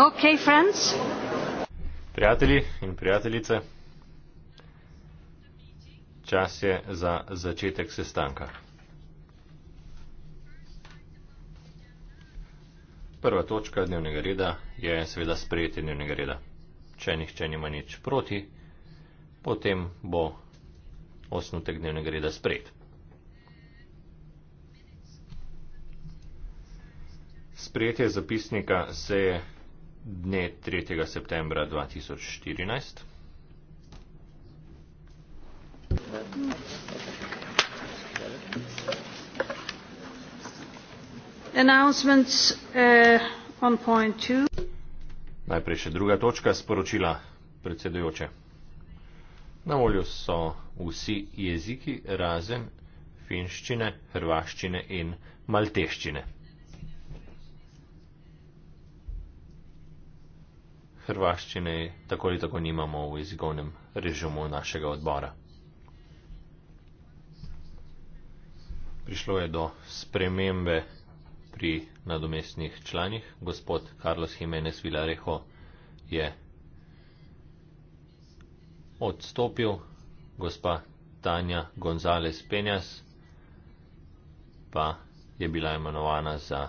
Okay, friends. Prijatelji in prijateljice, čas je za začetek sestanka. Prva točka dnevnega reda je seveda sprejetje dnevnega reda. Če nihče nima nič proti, potem bo osnutek dnevnega reda sprejet. Sprejetje zapisnika se je dne 3. septembra 2014. Uh, Najprej še druga točka sporočila predsedujoče. Na voljo so vsi jeziki razen finščine, hrvaščine in malteščine. hrvaščine tako ali tako nimamo v jezikovnem režimu našega odbora. Prišlo je do spremembe pri nadomestnih članih. Gospod Carlos Jimenez Villarejo je odstopil, gospa Tanja González Penjas pa je bila imenovana za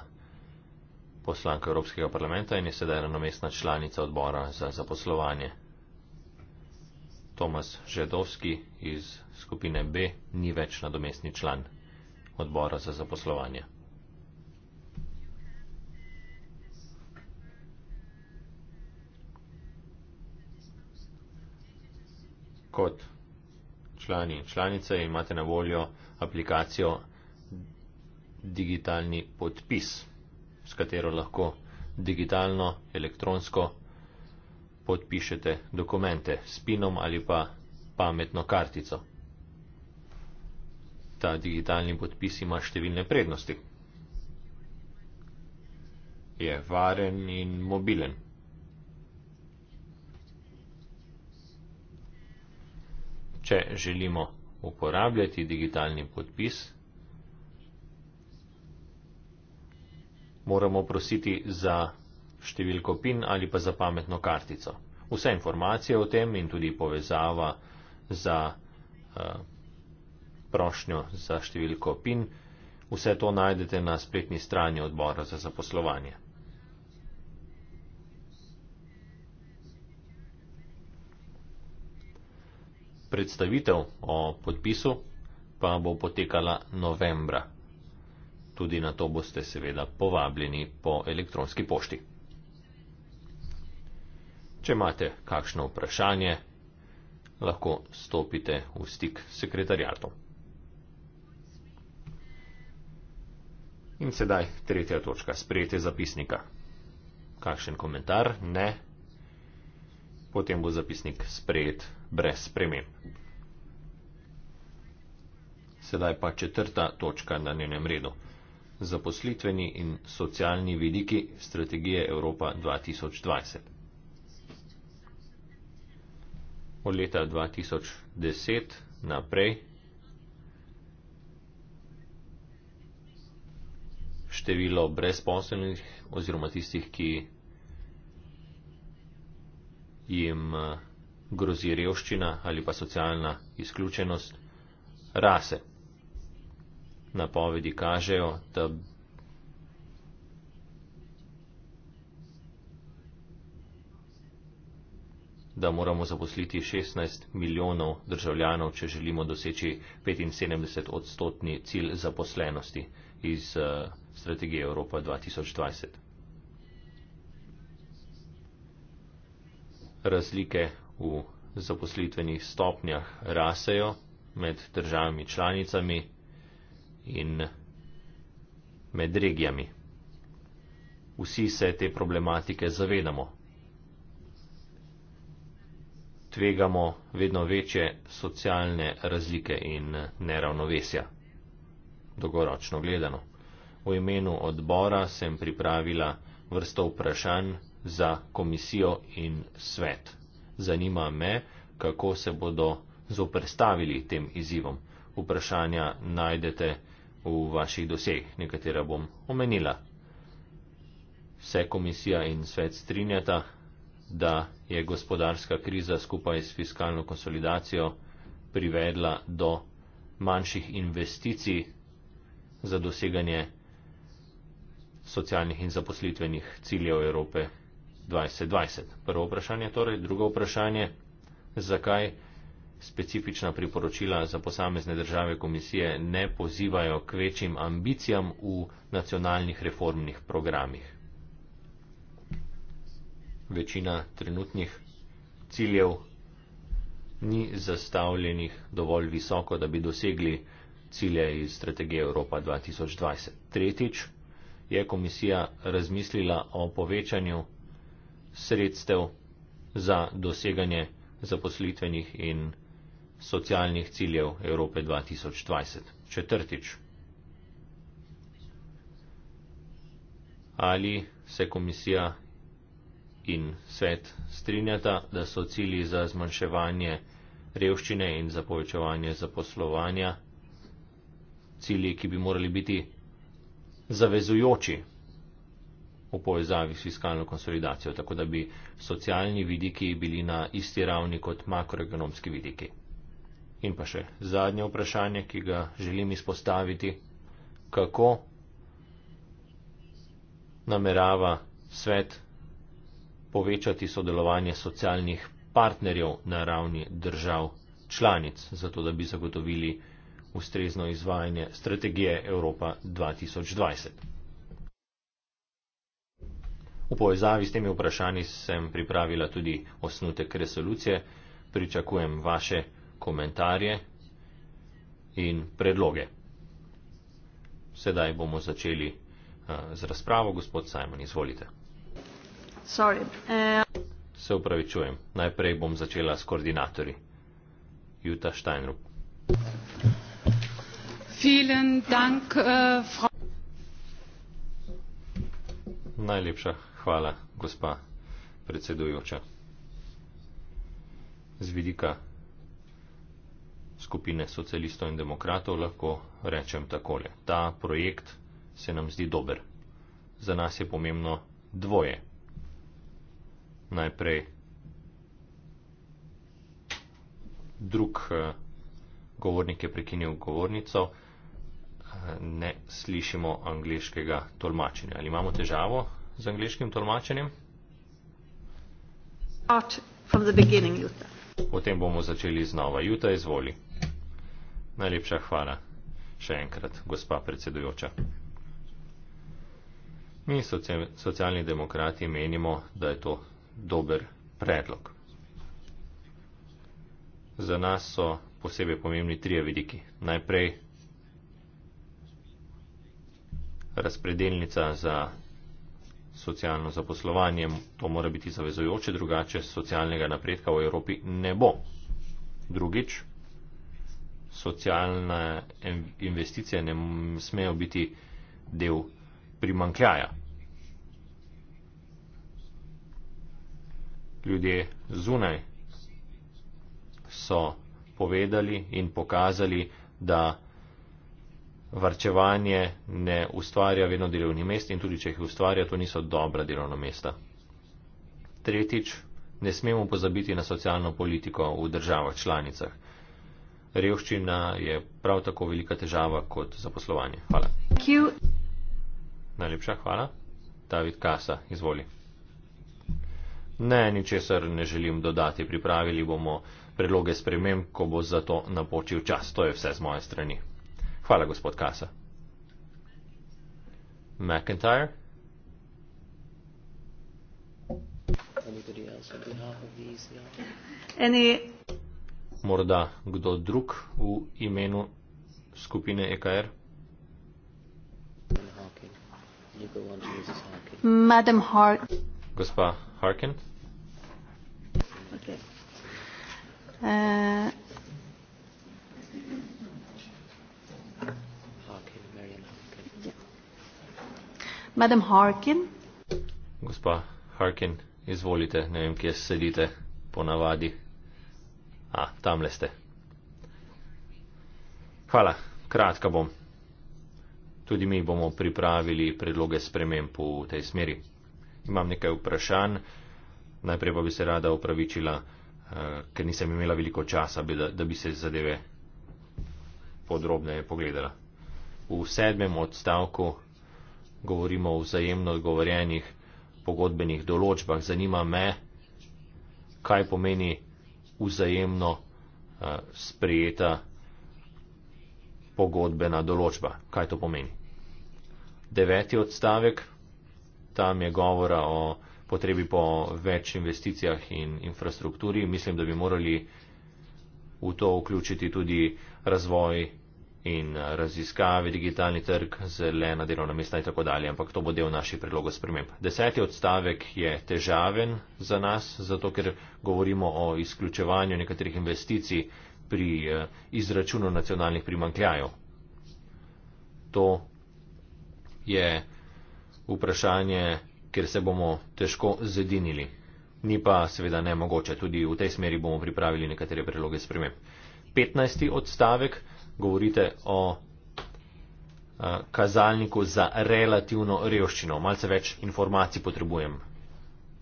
poslanka Evropskega parlamenta in je sedaj ravnomestna članica odbora za zaposlovanje. Tomas Žedovski iz skupine B ni več nadomestni član odbora za zaposlovanje. Kot člani in članice imate na voljo aplikacijo digitalni podpis s katero lahko digitalno, elektronsko podpišete dokumente s pinom ali pa pametno kartico. Ta digitalni podpis ima številne prednosti. Je varen in mobilen. Če želimo uporabljati digitalni podpis, moramo prositi za številko PIN ali pa za pametno kartico. Vse informacije o tem in tudi povezava za uh, prošnjo za številko PIN, vse to najdete na spletni strani odbora za zaposlovanje. Predstavitev o podpisu pa bo potekala novembra. Tudi na to boste seveda povabljeni po elektronski pošti. Če imate kakšno vprašanje, lahko stopite v stik s sekretarjatom. In sedaj tretja točka, sprejete zapisnika. Kakšen komentar? Ne. Potem bo zapisnik sprejet brez sprememb. Sedaj pa četrta točka na njenem redu zaposlitveni in socialni vidiki strategije Evropa 2020. Od leta 2010 naprej število brezposelnih oziroma tistih, ki jim eh, grozi revščina ali pa socialna izključenost, rase napovedi kažejo, da da moramo zaposliti 16 milijonov državljanov, če želimo doseči 75 odstotni cilj zaposlenosti iz uh, strategije Evropa 2020. Razlike v zaposlitvenih stopnjah rasejo med državami članicami, in med regijami. Vsi se te problematike zavedamo. Tvegamo vedno večje socialne razlike in neravnovesja, dolgoročno gledano. V imenu odbora sem pripravila vrsto vprašanj za komisijo in svet. Zanima me, kako se bodo zoprstavili tem izzivom. Vprašanja najdete v vaših doseh, nekatera bom omenila. Se komisija in svet strinjata, da je gospodarska kriza skupaj s fiskalno konsolidacijo privedla do manjših investicij za doseganje socialnih in zaposlitvenih ciljev Evrope 2020. Prvo vprašanje torej, drugo vprašanje, zakaj specifična priporočila za posamezne države komisije ne pozivajo k večjim ambicijam v nacionalnih reformnih programih. Večina trenutnih ciljev ni zastavljenih dovolj visoko, da bi dosegli cilje iz strategije Evropa 2020. Tretjič je komisija razmislila o povečanju sredstev za doseganje zaposlitvenih in socialnih ciljev Evrope 2020. Četrtič. Ali se komisija in svet strinjata, da so cilji za zmanjševanje revščine in za povečevanje zaposlovanja cilji, ki bi morali biti zavezujoči v povezavi s fiskalno konsolidacijo, tako da bi socialni vidiki bili na isti ravni kot makroekonomski vidiki. In pa še zadnje vprašanje, ki ga želim izpostaviti, kako namerava svet povečati sodelovanje socialnih partnerjev na ravni držav članic, zato da bi zagotovili ustrezno izvajanje strategije Evropa 2020. V povezavi s temi vprašanji sem pripravila tudi osnutek resolucije, pričakujem vaše komentarje in predloge. Sedaj bomo začeli eh, z razpravo. Gospod Simon, izvolite. Eh. Se upravičujem. Najprej bom začela s koordinatorji. Juta Steinrup. Vielen Dank, eh, Frau. Najlepša hvala, gospa predsedujoča. Z vidika skupine socialistov in demokratov lahko rečem takole. Ta projekt se nam zdi dober. Za nas je pomembno dvoje. Najprej drug eh, govornik je prekinil govornico, eh, ne slišimo angliškega tolmačenja. Ali imamo težavo z angliškim tolmačenjem? Potem bomo začeli znova. Juta, izvoli. Najlepša hvala še enkrat, gospa predsedujoča. Mi socialni demokrati menimo, da je to dober predlog. Za nas so posebej pomembni trije vidiki. Najprej razpredelnica za socialno zaposlovanje, to mora biti zavezojoče, drugače socialnega napredka v Evropi ne bo. Drugič, socialne investicije ne smejo biti del primankljaja. Ljudje zunaj so povedali in pokazali, da varčevanje ne ustvarja vedno delovnih mest in tudi, če jih ustvarja, to niso dobra delovna mesta. Tretjič, ne smemo pozabiti na socialno politiko v državah članicah revščina je prav tako velika težava kot zaposlovanje. Hvala. Najlepša hvala. David Kasa, izvoli. Ne, ničesar ne želim dodati. Pripravili bomo predloge spremem, ko bo za to napočil čas. To je vse z moje strani. Hvala, gospod Kasa. McIntyre. Any morda kdo drug v imenu skupine EKR? Madam Hark. Gospa Harkin. Okay. Uh, Madam Harkin. Gospa Harkin, izvolite, ne vem, kje sedite po navadi, A, tam le ste. Hvala, kratka bom. Tudi mi bomo pripravili predloge sprememb v tej smeri. Imam nekaj vprašanj, najprej pa bi se rada upravičila, eh, ker nisem imela veliko časa, da bi se zadeve podrobneje pogledala. V sedmem odstavku govorimo o vzajemno odgovorjenih pogodbenih določbah. Zanima me, kaj pomeni vzajemno eh, sprejeta pogodbena določba. Kaj to pomeni? Deveti odstavek, tam je govora o potrebi po več investicijah in infrastrukturi. Mislim, da bi morali v to vključiti tudi razvoj in eh, raziskave, digitalni trg, zelena delovna mesta in tako dalje, ampak to bo del naših predlogov sprememb. Deseti odstavek je težaven za nas, zato ker govorimo o izključevanju nekaterih investicij pri eh, izračunu nacionalnih primankljajev. To je vprašanje, ker se bomo težko zedinili. Ni pa seveda ne mogoče, tudi v tej smeri bomo pripravili nekatere predloge sprememb. 15. odstavek govorite o eh, kazalniku za relativno revščino. Malce več informacij potrebujem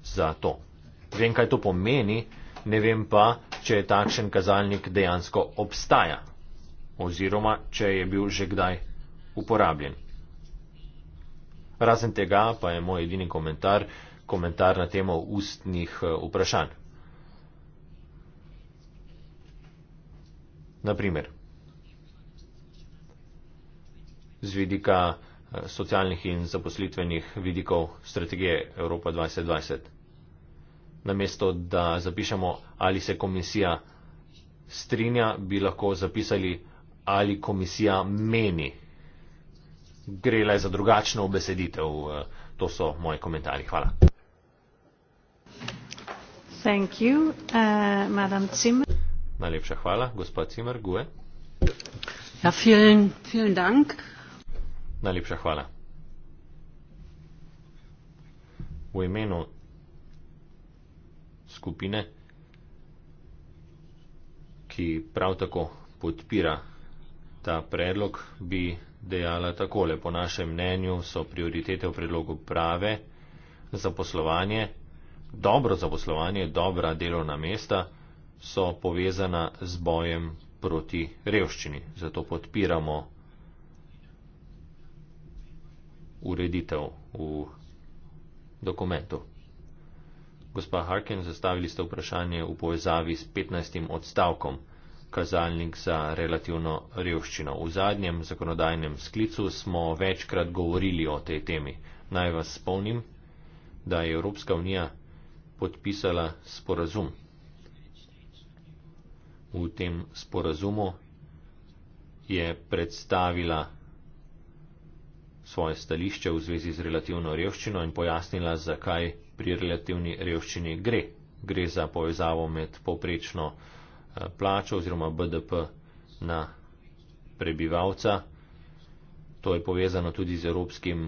za to. Vem, kaj to pomeni, ne vem pa, če je takšen kazalnik dejansko obstaja oziroma če je bil že kdaj uporabljen. Razen tega pa je moj edini komentar, komentar na temo ustnih eh, vprašanj. Naprimer, z vidika eh, socialnih in zaposlitvenih vidikov strategije Evropa 2020. Namesto, da zapišemo, ali se komisija strinja, bi lahko zapisali, ali komisija meni. Gre le za drugačno obeseditev. Eh, to so moji komentarji. Hvala. Thank you, uh, Najlepša hvala, gospod Cimer Gue. Ja, vielen, vielen Dank. Najlepša hvala. V imenu skupine, ki prav tako podpira ta predlog, bi dejala takole. Po našem mnenju so prioritete v predlogu prave za poslovanje, dobro za poslovanje, dobra delovna mesta so povezana z bojem proti revščini. Zato podpiramo ureditev v dokumentu. Gospa Harkin, zastavili ste vprašanje v povezavi s 15. odstavkom kazalnik za relativno revščino. V zadnjem zakonodajnem sklicu smo večkrat govorili o tej temi. Naj vas spomnim, da je Evropska unija podpisala sporazum. V tem sporazumu je predstavila svoje stališče v zvezi z relativno revščino in pojasnila, zakaj pri relativni revščini gre. Gre za povezavo med poprečno eh, plačo oziroma BDP na prebivalca. To je povezano tudi z evropskim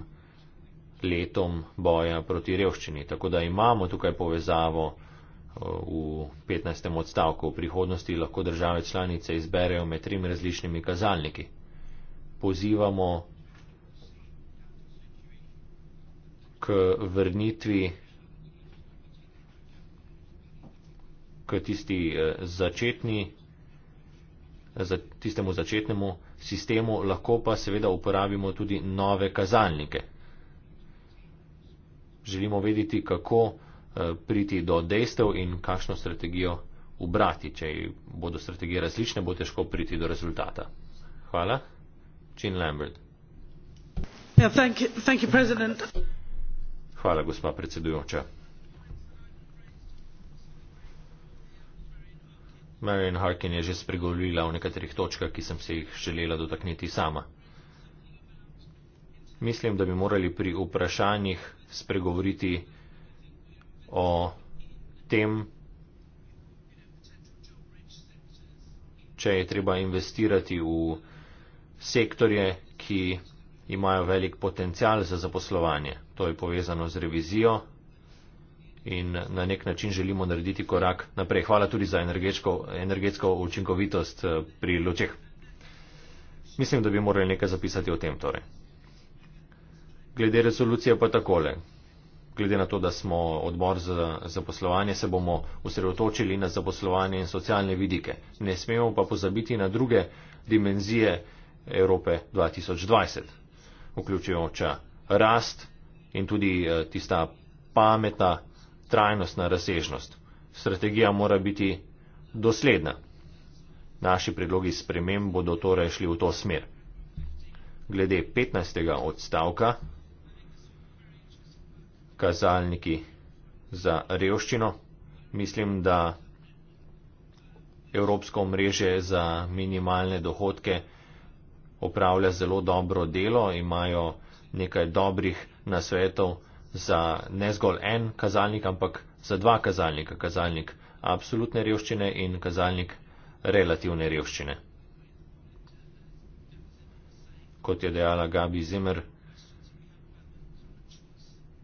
letom boja proti revščini. Tako da imamo tukaj povezavo eh, v 15. odstavku. V prihodnosti lahko države članice izberejo med trim različnimi kazalniki. Pozivamo k vrnitvi k tisti eh, začetni, eh, za tistemu začetnemu sistemu, lahko pa seveda uporabimo tudi nove kazalnike. Želimo vedeti, kako eh, priti do dejstev in kakšno strategijo ubrati. Če bodo strategije različne, bo težko priti do rezultata. Hvala. Jean Lambert. Yeah, thank you, thank you, President. Hvala, gospa predsedujoča. Marion Harkin je že spregovorila o nekaterih točkah, ki sem se jih želela dotakniti sama. Mislim, da bi morali pri vprašanjih spregovoriti o tem, če je treba investirati v sektorje, ki imajo velik potencial za zaposlovanje to je povezano z revizijo in na nek način želimo narediti korak naprej. Hvala tudi za energetsko, energetsko učinkovitost eh, pri lučeh. Mislim, da bi morali nekaj zapisati o tem. Torej. Glede resolucije pa takole. Glede na to, da smo odbor za zaposlovanje, se bomo usredotočili na zaposlovanje in socialne vidike. Ne smemo pa pozabiti na druge dimenzije Evrope 2020, vključujoča rast, in tudi eh, tista pametna, trajnostna razsežnost. Strategija mora biti dosledna. Naši predlogi sprememb bodo torej šli v to smer. Glede 15. odstavka, kazalniki za revščino, mislim, da Evropsko mreže za minimalne dohodke opravlja zelo dobro delo, imajo nekaj dobrih na svetu za ne zgolj en kazalnik, ampak za dva kazalnika. Kazalnik absolutne revščine in kazalnik relativne revščine. Kot je dejala Gabi Zimmer,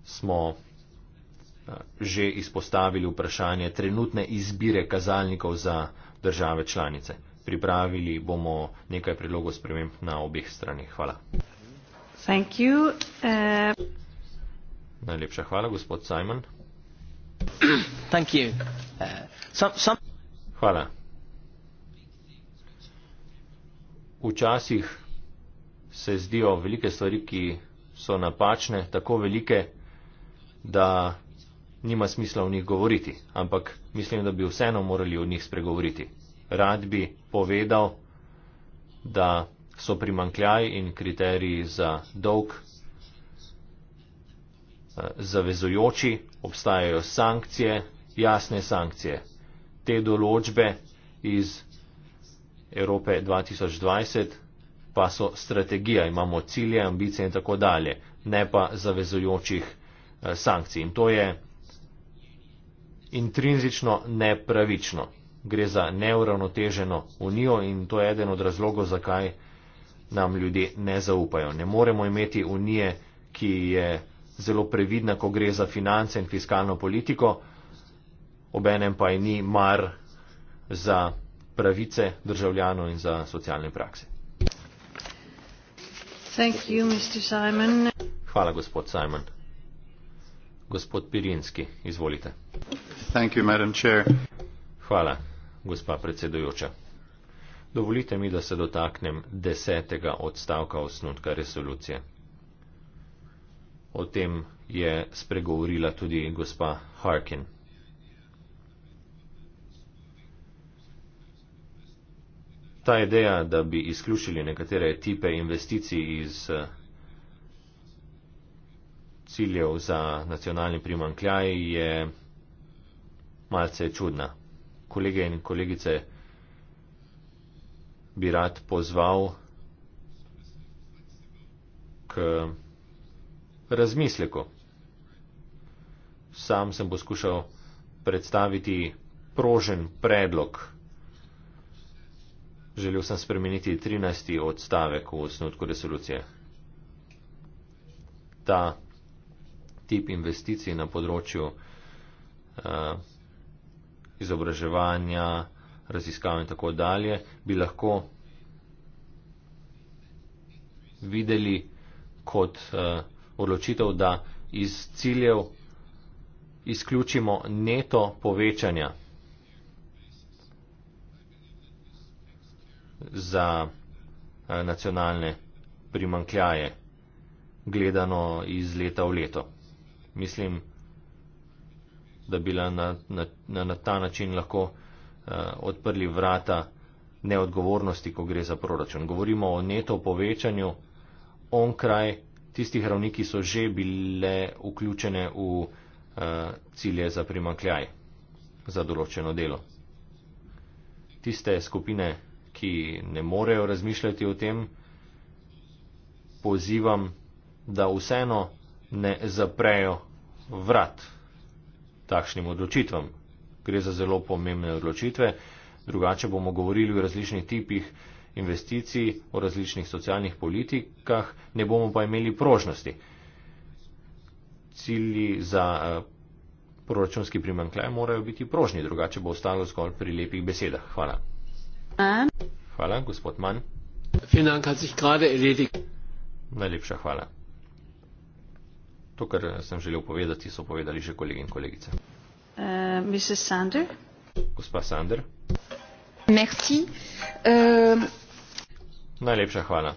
smo eh, že izpostavili vprašanje trenutne izbire kazalnikov za države članice. Pripravili bomo nekaj predlogov sprememb na obeh straneh. Hvala. Thank you. Uh... Najlepša hvala, gospod Simon. Thank you. Uh, some, some... Hvala. Včasih se zdijo velike stvari, ki so napačne, tako velike, da nima smisla o njih govoriti, ampak mislim, da bi vseeno morali o njih spregovoriti. Rad bi povedal, da so primankljaj in kriteriji za dolg eh, zavezojoči, obstajajo sankcije, jasne sankcije. Te določbe iz Evrope 2020 pa so strategija, imamo cilje, ambicije in tako dalje, ne pa zavezojočih eh, sankcij. In to je intrinzično nepravično. Gre za neuravnoteženo unijo in to je eden od razlogov, zakaj nam ljudje ne zaupajo. Ne moremo imeti unije, ki je zelo previdna, ko gre za finance in fiskalno politiko, obenem pa je ni mar za pravice državljanov in za socialne prakse. You, Hvala, gospod Simon. Gospod Pirinski, izvolite. You, Hvala, gospa predsedujoča. Dovolite mi, da se dotaknem desetega odstavka osnutka resolucije. O tem je spregovorila tudi gospa Harkin. Ta ideja, da bi izključili nekatere tipe investicij iz eh, ciljev za nacionalni primankljaj, je malce čudna. Kolege in kolegice, bi rad pozval k razmisleku. Sam sem poskušal predstaviti prožen predlog. Želel sem spremeniti 13. odstavek v osnutku resolucije. Ta tip investicij na področju uh, izobraževanja, raziskav in tako dalje, bi lahko videli kot uh, odločitev, da iz ciljev izključimo neto povečanja za uh, nacionalne primankljaje, gledano iz leta v leto. Mislim, da bi na, na, na, na ta način lahko uh, odprli vrata neodgovornosti, ko gre za proračun. Govorimo o neto povečanju onkraj tistih ravni, ki so že bile vključene v uh, cilje za primankljaj za določeno delo. Tiste skupine, ki ne morejo razmišljati o tem, pozivam, da vseeno ne zaprejo vrat takšnim odločitvam gre za zelo pomembne odločitve. Drugače bomo govorili o različnih tipih investicij, o različnih socialnih politikah, ne bomo pa imeli prožnosti. Cilji za eh, proračunski primankljaj morajo biti prožni, drugače bo ostalo zgolj pri lepih besedah. Hvala. Hvala, gospod Mann. Najlepša hvala. To, kar eh, sem želel povedati, so povedali že kolegi in kolegice. Uh, gospa Sander. Merci. Uh... Najlepša hvala.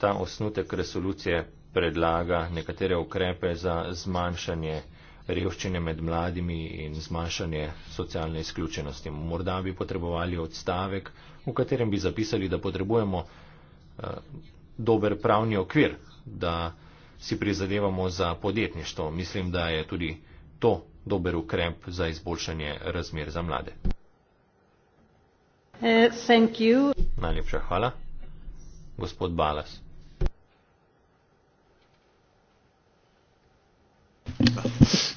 Ta osnutek resolucije predlaga nekatere ukrepe za zmanjšanje revščine med mladimi in zmanjšanje socialne izključenosti. Morda bi potrebovali odstavek, v katerem bi zapisali, da potrebujemo uh, dober pravni okvir, da uh, si prizadevamo za podjetništvo. Mislim, da je tudi to dober ukrep za izboljšanje razmer za mlade. Uh, Najlepša hvala. Gospod Balas.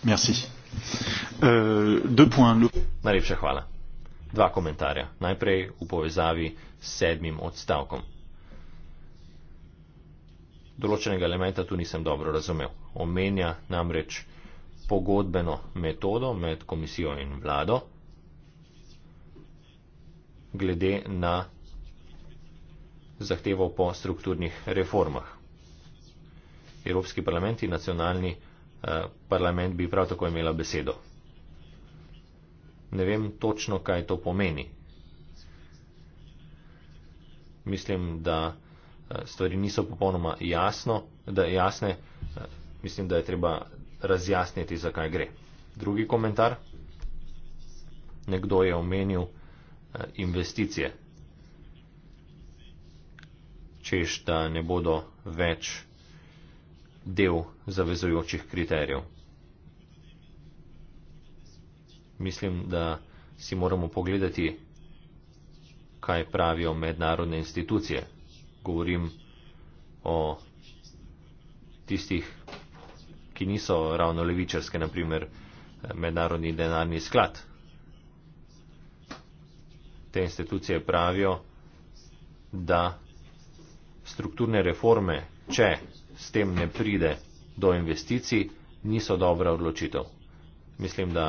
Merci. Eh, Najlepša hvala. Dva komentarja. Najprej v povezavi s sedmim odstavkom določenega elementa tu nisem dobro razumel. Omenja namreč pogodbeno metodo med komisijo in vlado glede na zahtevo po strukturnih reformah. Evropski parlament in nacionalni eh, parlament bi prav tako imela besedo. Ne vem točno, kaj to pomeni. Mislim, da Eh, stvari niso popolnoma jasno, da jasne, eh, mislim, da je treba razjasniti, zakaj gre. Drugi komentar. Nekdo je omenil eh, investicije. Češ, da ne bodo več del zavezujočih kriterijev. Mislim, da si moramo pogledati, kaj pravijo mednarodne institucije govorim o tistih, ki niso ravno levičarske, naprimer eh, mednarodni denarni sklad. Te institucije pravijo, da strukturne reforme, če s tem ne pride do investicij, niso dobra odločitev. Mislim, da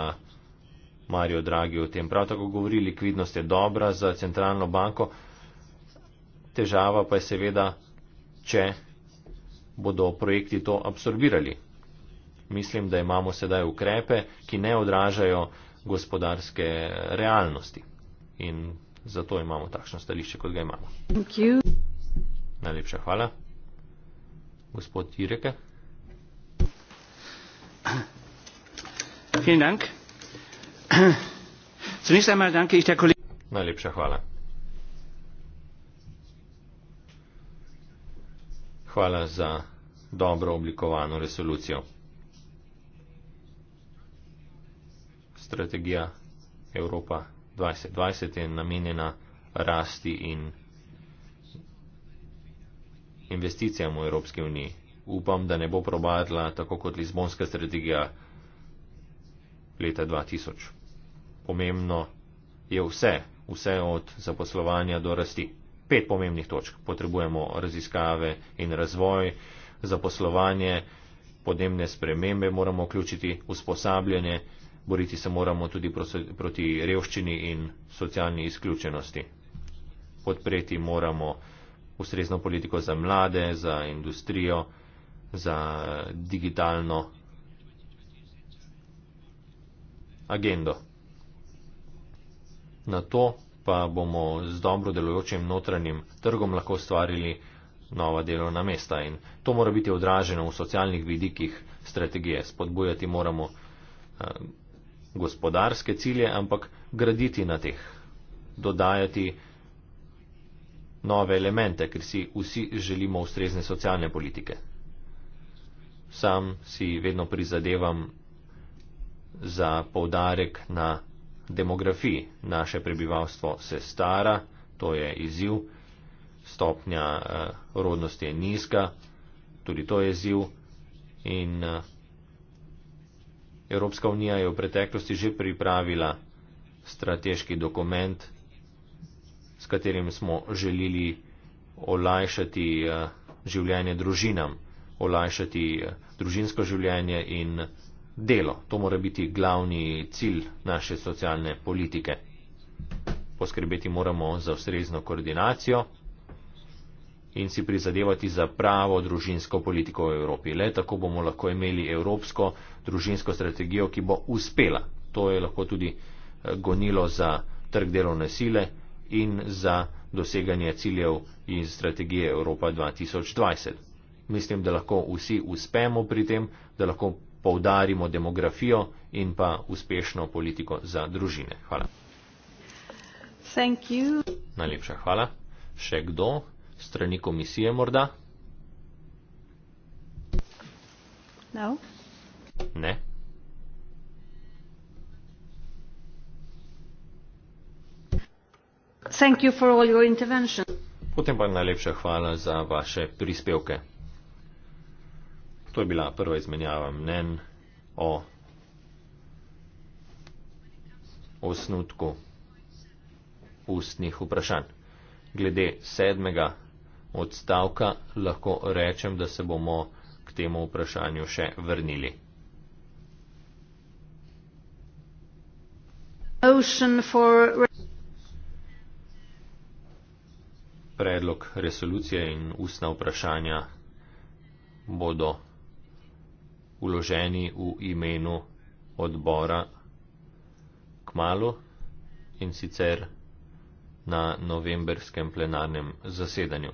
Marijo Dragi o tem prav tako govori, likvidnost je dobra za centralno banko, težava pa je seveda, če bodo projekti to absorbirali. Mislim, da imamo sedaj ukrepe, ki ne odražajo gospodarske realnosti in zato imamo takšno stališče, kot ga imamo. Najlepša hvala. Gospod Ireke. Vielen Dank. Zunächst einmal danke ich der Kollegin. Na, liebste Hvala. Hvala za dobro oblikovano resolucijo. Strategija Evropa 2020 je namenjena rasti in investicijam v Evropski uniji. Upam, da ne bo probadla tako kot Lizbonska strategija leta 2000. Pomembno je vse, vse od zaposlovanja do rasti pet pomembnih točk. Potrebujemo raziskave in razvoj, zaposlovanje, podnebne spremembe moramo vključiti, usposabljanje, boriti se moramo tudi proti revščini in socialni izključenosti. Podpreti moramo ustrezno politiko za mlade, za industrijo, za digitalno agendo. Na to pa bomo z dobro delujočim notranjim trgom lahko ustvarili nova delovna mesta. In to mora biti odraženo v socialnih vidikih strategije. Spodbujati moramo eh, gospodarske cilje, ampak graditi na teh, dodajati nove elemente, ker si vsi želimo ustrezne socialne politike. Sam si vedno prizadevam za poudarek na demografiji. Naše prebivalstvo se stara, to je izziv, stopnja uh, rodnosti je nizka, tudi to je izziv. In uh, Evropska unija je v preteklosti že pripravila strateški dokument, s katerim smo želeli olajšati uh, življenje družinam, olajšati uh, družinsko življenje in uh, delo. To mora biti glavni cilj naše socialne politike. Poskrbeti moramo za ustrezno koordinacijo in si prizadevati za pravo družinsko politiko v Evropi. Le tako bomo lahko imeli evropsko družinsko strategijo, ki bo uspela. To je lahko tudi eh, gonilo za trg delovne sile in za doseganje ciljev in strategije Evropa 2020. Mislim, da lahko vsi uspemo pri tem, da lahko poudarimo demografijo in pa uspešno politiko za družine. Hvala. Najlepša hvala. Še kdo? Strani komisije morda? No. Ne. Potem pa najlepša hvala za vaše prispevke. To je bila prva izmenjava mnen o osnutku ustnih vprašanj. Glede sedmega odstavka lahko rečem, da se bomo k temu vprašanju še vrnili. Predlog resolucije in ustna vprašanja bodo uloženi v imenu odbora k malu in sicer na novemberskem plenarnem zasedanju.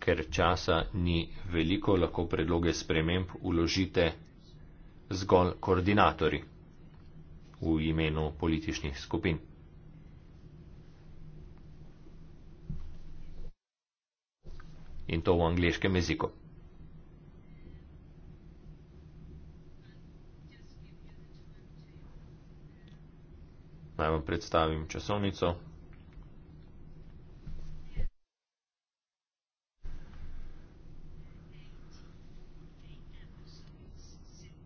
Ker časa ni veliko, lahko predloge sprememb uložite zgolj koordinatori v imenu političnih skupin. In to v angliškem jeziku. Naj vam predstavim časovnico.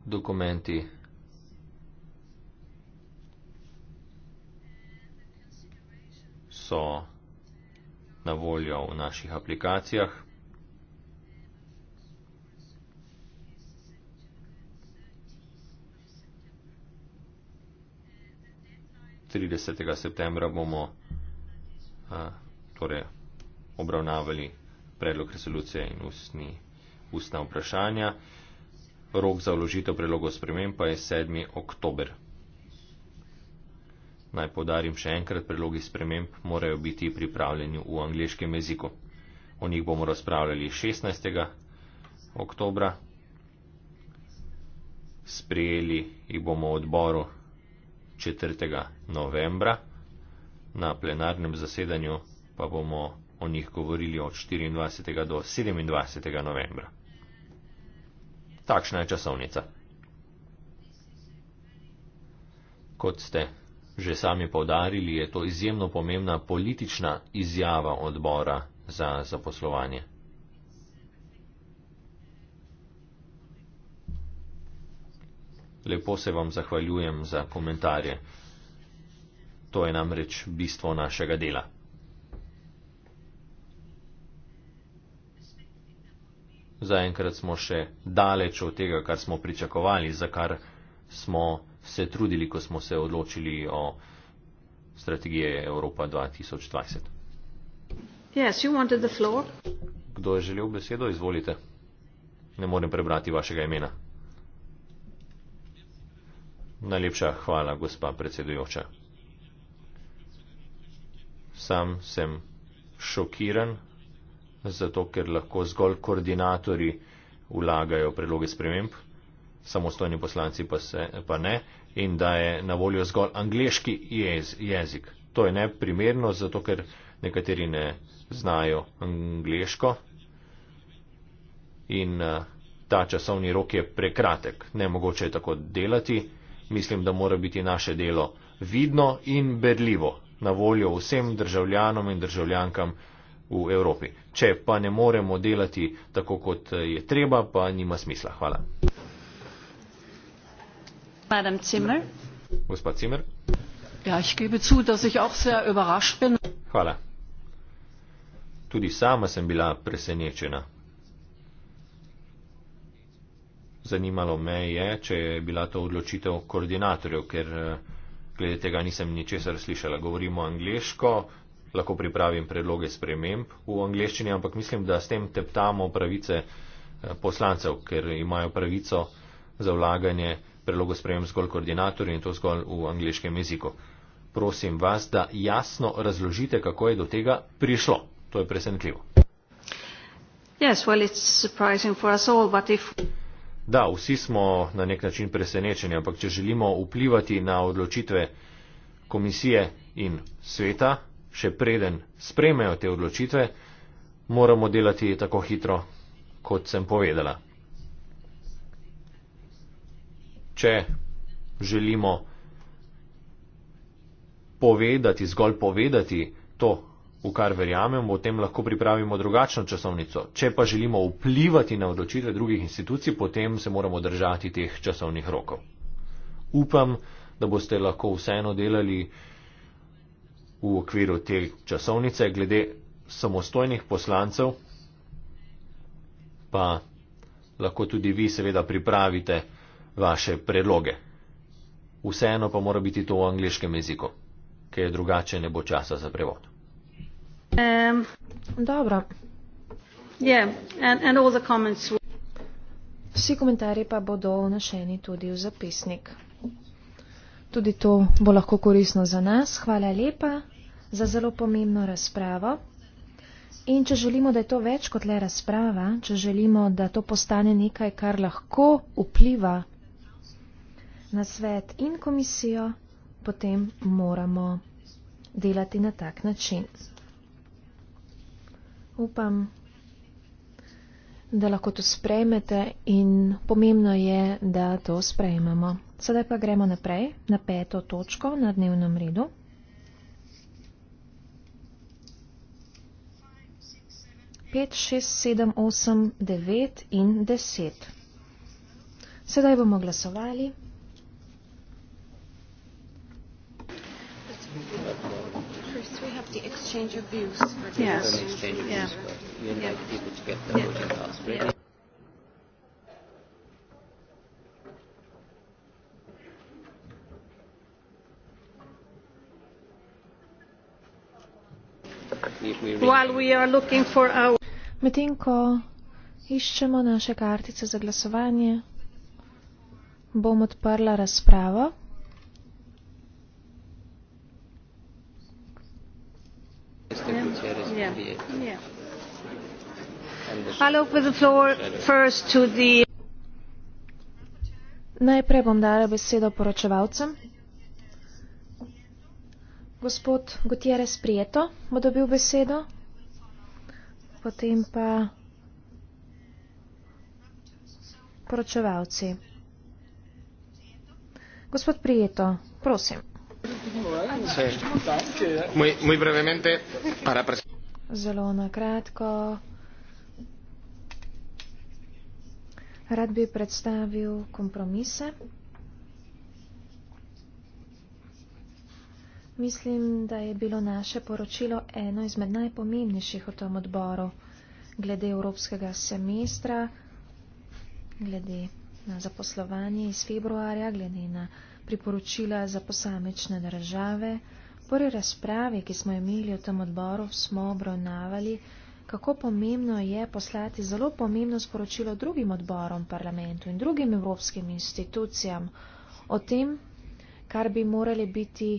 Dokumenti. so na voljo v naših aplikacijah. 30. septembra bomo a, torej obravnavali predlog resolucije in ustni, ustna vprašanja. Rok za vložitev predlogov sprememb pa je 7. oktober. Naj podarim še enkrat, predlogi sprememb morajo biti pripravljeni v angliškem jeziku. O njih bomo razpravljali 16. oktobra. Sprejeli jih bomo odboru 4. novembra, na plenarnem zasedanju pa bomo o njih govorili od 24. do 27. novembra. Takšna je časovnica. Kot ste že sami povdarili, je to izjemno pomembna politična izjava odbora za zaposlovanje. Lepo se vam zahvaljujem za komentarje. To je namreč bistvo našega dela. Zaenkrat smo še daleč od tega, kar smo pričakovali, za kar smo se trudili, ko smo se odločili o strategiji Evropa 2020. Yes, Kdo je želel besedo, izvolite. Ne morem prebrati vašega imena. Najlepša hvala, gospa predsedujoča. Sam sem šokiran, zato ker lahko zgolj koordinatori vlagajo predloge sprememb, samostojni poslanci pa, se, pa ne, in da je na voljo zgolj angliški jez, jezik. To je neprimerno, zato ker nekateri ne znajo angliško in uh, ta časovni rok je prekratek. Nemogoče je tako delati mislim, da mora biti naše delo vidno in berljivo na voljo vsem državljanom in državljankam v Evropi. Če pa ne moremo delati tako, kot je treba, pa nima smisla. Hvala. Gospod Cimer. Ja, ich gebe zu, dass ich auch sehr überrascht bin. Hvala. Tudi sama sem bila presenečena. Zanimalo me je, če je bila to odločitev koordinatorjev, ker eh, glede tega nisem ničesar slišala. Govorimo angliško, lahko pripravim predloge sprememb v angliščini, ampak mislim, da s tem teptamo pravice eh, poslancev, ker imajo pravico za vlaganje predlogov sprememb zgolj koordinatorji in to zgolj v angliškem jeziku. Prosim vas, da jasno razložite, kako je do tega prišlo. To je presenetljivo. Yes, well, Da, vsi smo na nek način presenečeni, ampak če želimo vplivati na odločitve komisije in sveta, še preden spremejo te odločitve, moramo delati tako hitro, kot sem povedala. Če želimo povedati, zgolj povedati to, v kar verjamem, potem lahko pripravimo drugačno časovnico. Če pa želimo vplivati na odločitve drugih institucij, potem se moramo držati teh časovnih rokov. Upam, da boste lahko vseeno delali v okviru te časovnice, glede samostojnih poslancev, pa lahko tudi vi seveda pripravite vaše predloge. Vseeno pa mora biti to v angliškem jeziku, ker drugače ne bo časa za prevod. Um, dobro. Yeah, and, and Vsi komentarji pa bodo vnašeni tudi v zapisnik. Tudi to bo lahko korisno za nas. Hvala lepa za zelo pomembno razpravo. In če želimo, da je to več kot le razprava, če želimo, da to postane nekaj, kar lahko vpliva na svet in komisijo, potem moramo delati na tak način upam, da lahko to sprejmete in pomembno je, da to sprejmemo. Sedaj pa gremo naprej na peto točko na dnevnem redu. Pet, šest, sedem, osem, devet in deset. Sedaj bomo glasovali. the exchange of views. For yes. Have an exchange of yeah. views, but you invite yeah. people to get the yeah. voting cards. Really? Yeah. While we are looking for our... Medtem ko iščemo naše kartice za glasovanje, bom odprla razpravo. Najprej bom dala besedo poročevalcem. Gospod Gutierrez Prieto bo dobil besedo, potem pa poročevalci. Gospod Prieto, prosim. Sí. Muy, muy brevemente, para presentar zelo na kratko. Rad bi predstavil kompromise. Mislim, da je bilo naše poročilo eno izmed najpomembnejših v tem odboru glede evropskega semestra, glede na zaposlovanje iz februarja, glede na priporočila za posamečne države prvi razpravi, ki smo imeli v tem odboru, smo obravnavali, kako pomembno je poslati zelo pomembno sporočilo drugim odborom parlamentu in drugim evropskim institucijam o tem, kar bi morale biti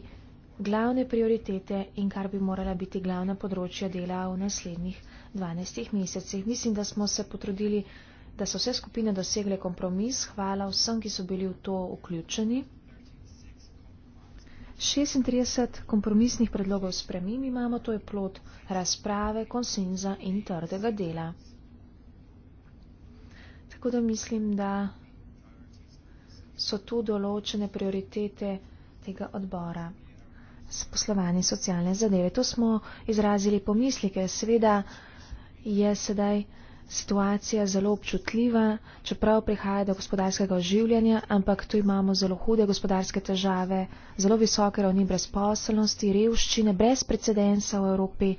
glavne prioritete in kar bi morala biti glavna področja dela v naslednjih 12 mesecih. Mislim, da smo se potrudili, da so vse skupine dosegle kompromis. Hvala vsem, ki so bili v to vključeni. 36 kompromisnih predlogov spremim imamo, to je plot razprave, konsenza in trdega dela. Tako da mislim, da so tu določene prioritete tega odbora. Poslovanje socialne zadeve. To smo izrazili pomislike. Sveda je sedaj situacija zelo občutljiva, čeprav prihaja do gospodarskega oživljanja, ampak tu imamo zelo hude gospodarske težave, zelo visoke ravni brezposelnosti, revščine, brez precedensa v Evropi,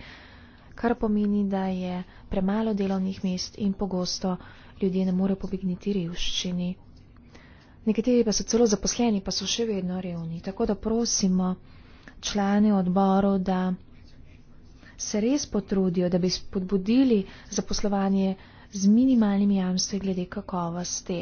kar pomeni, da je premalo delovnih mest in pogosto ljudje ne morejo pobegniti revščini. Nekateri pa so celo zaposleni, pa so še vedno revni. Tako da prosimo člane odborov, da se res potrudijo, da bi spodbudili zaposlovanje z minimalnimi jamstvi glede kakovosti.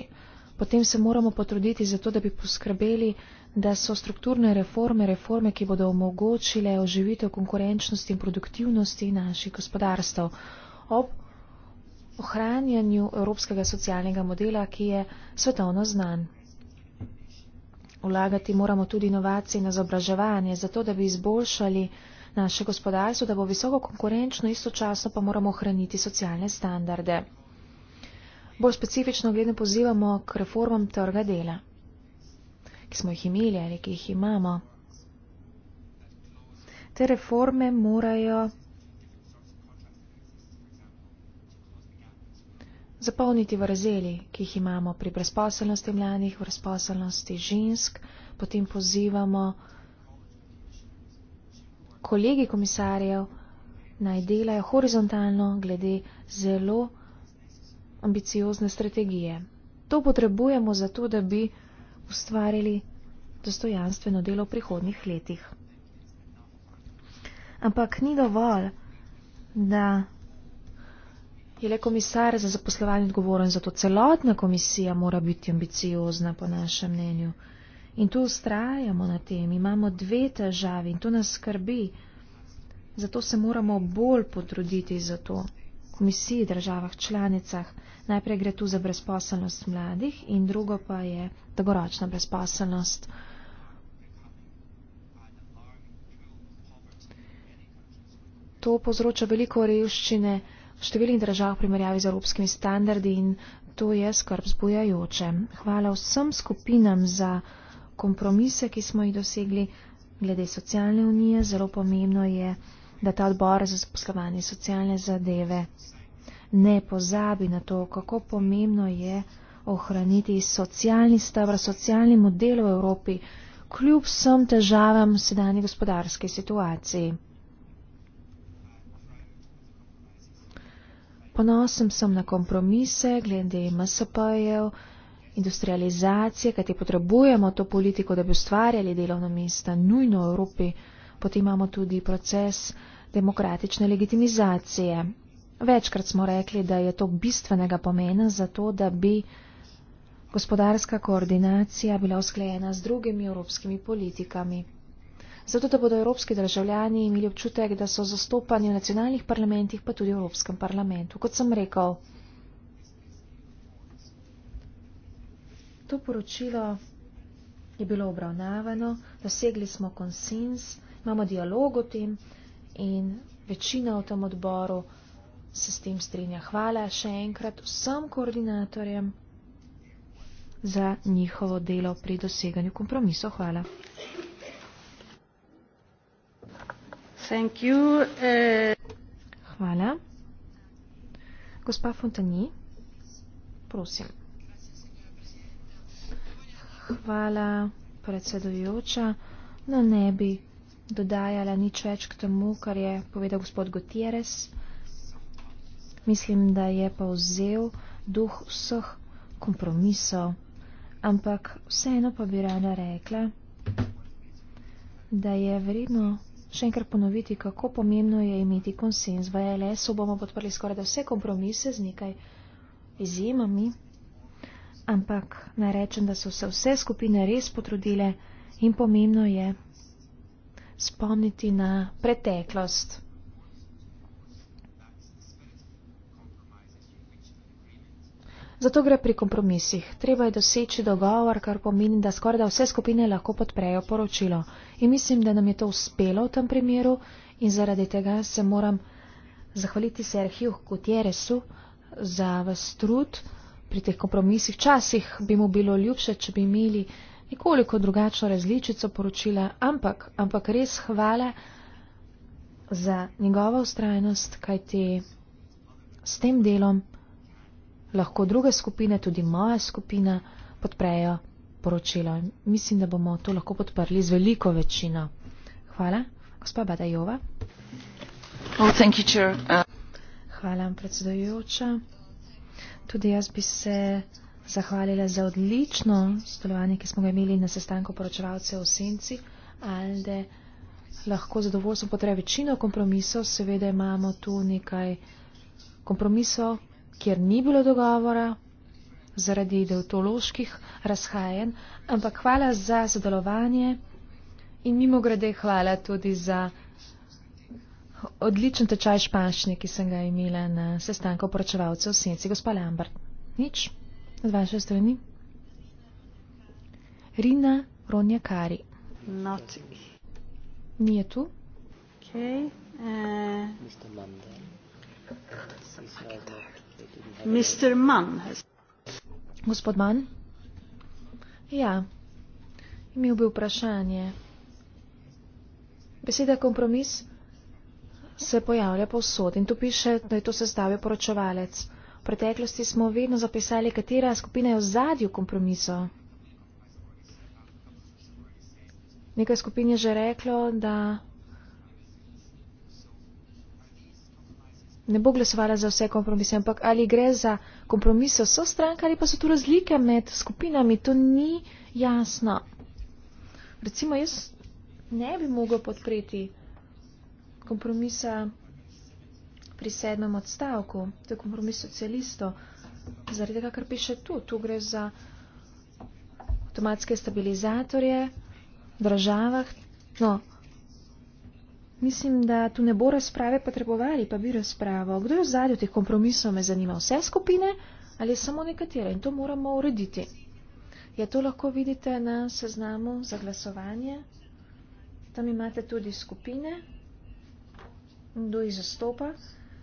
Potem se moramo potruditi za to, da bi poskrbeli, da so strukturne reforme reforme, ki bodo omogočile oživitev konkurenčnosti in produktivnosti naših gospodarstv. Ob ohranjanju evropskega socialnega modela, ki je svetovno znan. Vlagati moramo tudi inovacije na izobraževanje, zato da bi izboljšali naše gospodarstvo, da bo visoko konkurenčno, istočasno pa moramo ohraniti socialne standarde. Bolj specifično glede pozivamo k reformam trga dela, ki smo jih imeli ali ki jih imamo. Te reforme morajo zapolniti vrzeli, ki jih imamo pri brezposelnosti mladih, brezposelnosti žensk, potem pozivamo kolegi komisarjev naj delajo horizontalno glede zelo ambiciozne strategije. To potrebujemo zato, da bi ustvarili dostojanstveno delo v prihodnih letih. Ampak ni dovolj, da je le komisar za zaposlovanje odgovoren, zato celotna komisija mora biti ambiciozna po našem mnenju. In tu ustrajamo na tem, imamo dve težavi in to nas skrbi. Zato se moramo bolj potruditi za to. Komisiji, državah, članicah. Najprej gre tu za brezposelnost mladih in drugo pa je dolgoročna brezposelnost. To povzroča veliko revščine v številnih držav v primerjavi z evropskimi standardi in to je skrb zbujajoče. Hvala vsem skupinam za kompromise, ki smo jih dosegli glede socialne unije. Zelo pomembno je, da ta odbor za zaposlovanje socialne zadeve ne pozabi na to, kako pomembno je ohraniti socialni stavr, socialni model v Evropi, kljub vsem težavam sedanje gospodarske situacije. Ponosen sem na kompromise glede MSP-jev, industrializacije, kajti potrebujemo to politiko, da bi ustvarjali delovna mesta nujno v Evropi, potem imamo tudi proces demokratične legitimizacije. Večkrat smo rekli, da je to bistvenega pomena za to, da bi gospodarska koordinacija bila usklejena z drugimi evropskimi politikami. Zato, da bodo evropski državljani imeli občutek, da so zastopani v nacionalnih parlamentih, pa tudi v Evropskem parlamentu. Kot sem rekel, To poročilo je bilo obravnavano, dosegli smo konsens, imamo dialog o tem in večina v tem odboru se s tem strinja. Hvala še enkrat vsem koordinatorjem za njihovo delo pri doseganju kompromisov. Hvala. Eh. Hvala. Gospa Fontani, prosim hvala, predsedujoča, no ne bi dodajala nič več k temu, kar je povedal gospod Gutierrez. Mislim, da je pa vzel duh vseh kompromisov, ampak vseeno pa bi rada rekla, da je vredno še enkrat ponoviti, kako pomembno je imeti konsens. V LS-u bomo podprli skoraj da vse kompromise z nekaj izjemami ampak naj rečem, da so se vse skupine res potrudile in pomembno je spomniti na preteklost. Zato gre pri kompromisih. Treba je doseči dogovor, kar pomeni, da skoraj da vse skupine lahko podprejo poročilo. In mislim, da nam je to uspelo v tem primeru in zaradi tega se moram zahvaliti Serhiju Kutjeresu za vas trud pri teh kompromisih. Včasih bi mu bilo ljubše, če bi imeli nekoliko drugačno različico poročila, ampak, ampak res hvala za njegovo ustrajnost, kajti s tem delom lahko druge skupine, tudi moja skupina, podprejo poročilo. Mislim, da bomo to lahko podprli z veliko večino. Hvala, gospa Badajova. Oh, thank you, chair. Uh... Hvala, predsedujoča. Tudi jaz bi se zahvalila za odlično sodelovanje, ki smo ga imeli na sestanku poročevalcev v Senci. Alde, lahko zadovoljstvo potrebuje večino kompromisov. Seveda imamo tu nekaj kompromisov, kjer ni bilo dogovora zaradi ideotoloških razhajen, ampak hvala za sodelovanje in mimo grede hvala tudi za. Odličen tečaj španščine, ki sem ga imela na sestanku poročevalcev v senci, gospod Lambert. Nič, z vaše strani. Rina Ronja Kari. Noti. Nije tu. Okay. Uh, Mr. Mann. Eh, gospod Mann. Ja, imel bi vprašanje. Beseda kompromis se pojavlja povsod in tu piše, da je to sestavil poročevalec. V preteklosti smo vedno zapisali, katera skupina je v zadju kompromiso. Nekaj skupin je že reklo, da ne bo glasovala za vse kompromise, ampak ali gre za kompromise so stranke ali pa so tu razlike med skupinami, to ni jasno. Recimo, jaz ne bi mogel podpreti kompromisa pri sedmem odstavku, to je kompromis socialistov, zaradi tega, kar piše tu. Tu gre za avtomatske stabilizatorje v državah. No, mislim, da tu ne bo razprave potrebovali, pa bi razpravo. Kdo je v zadju teh kompromisov, me zanima vse skupine ali samo nekatere in to moramo urediti. Je ja, to lahko vidite na seznamu za glasovanje? Tam imate tudi skupine kdo jih zastopa.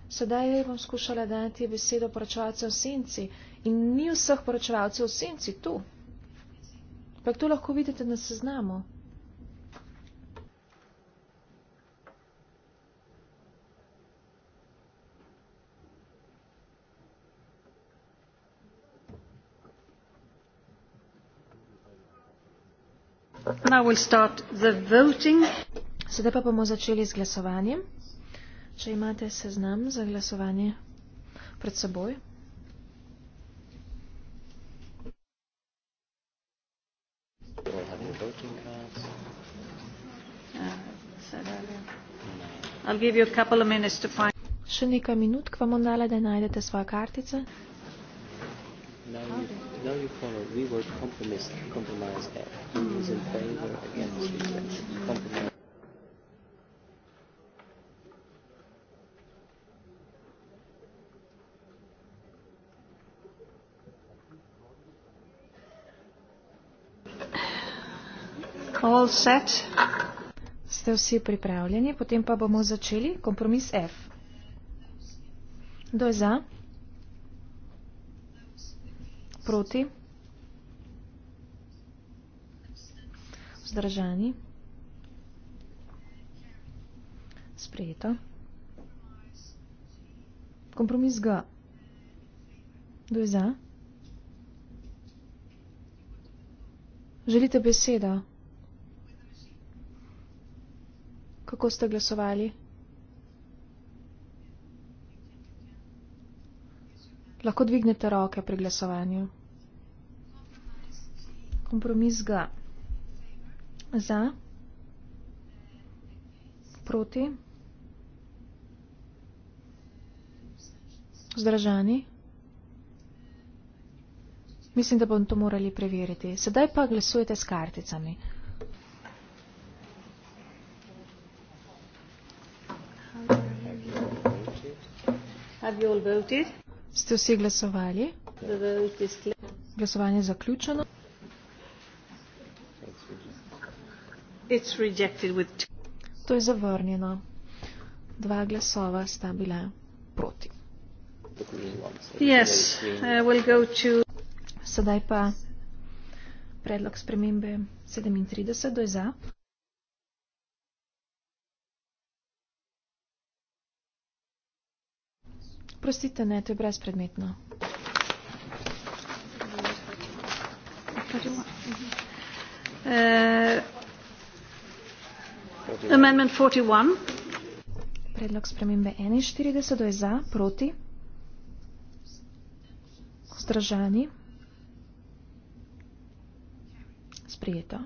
Sedaj bom skušala dati besedo poročevalcev senci in ni vseh poročevalcev senci tu. Pa to lahko vidite na seznamu. Sedaj pa bomo začeli z glasovanjem. Če imate seznam za glasovanje pred seboj. I'll give you a couple of minutes to find. Še nekaj minut, k vam bom dala, da najdete svoje kartice. Now you follow reword compromise compromise F. Who is in favor against compromise? All set. Ste vsi pripravljeni? Potem pa bomo začeli. Kompromis F. Kdo je za? Proti? Vzdržani? Sprejeto. Kompromis G. Kdo je za? Želite besedo? kako ste glasovali? Lahko dvignete roke pri glasovanju. Kompromis ga za, proti, zdržani. Mislim, da bom to morali preveriti. Sedaj pa glasujete s karticami. Ste vsi glasovali? Glasovanje je zaključeno. To je zavrnjeno. Dva glasova sta bila proti. Yes, Sedaj pa predlog spremembe 37 do je za. Prostite, ne, to je brezpredmetno. Uh, amendment 41. Predlog spremembe 41, do je za, proti, zdržani, sprijeto.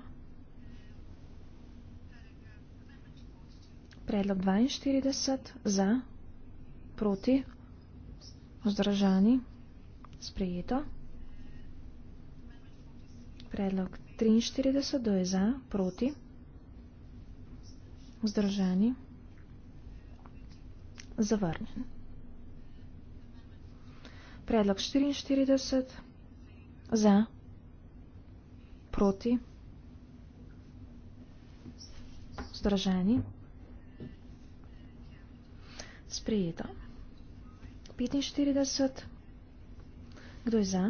Predlog 42, za, proti, vzdržani, sprejeto. Predlog 43, do je za, proti, vzdržani, zavrnjen. Predlog 44, za, proti, vzdržani, sprejeto. 45. Kdo je za?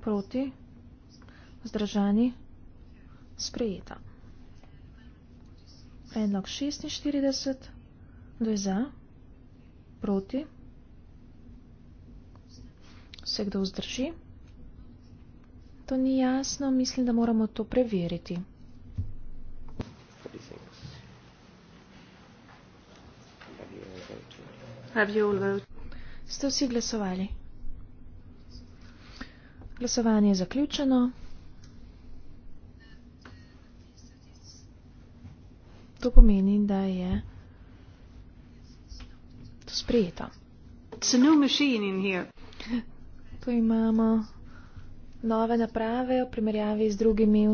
Proti? Zdržani? Sprejeta. Predlog 46. Kdo je za? Proti? Vse kdo vzdrži? To ni jasno, mislim, da moramo to preveriti. Have you all voted? ste vsi glasovali. Glasovanje je zaključeno. To pomeni, da je to sprejeto. Tu imamo nove naprave v primerjavi z drugimi,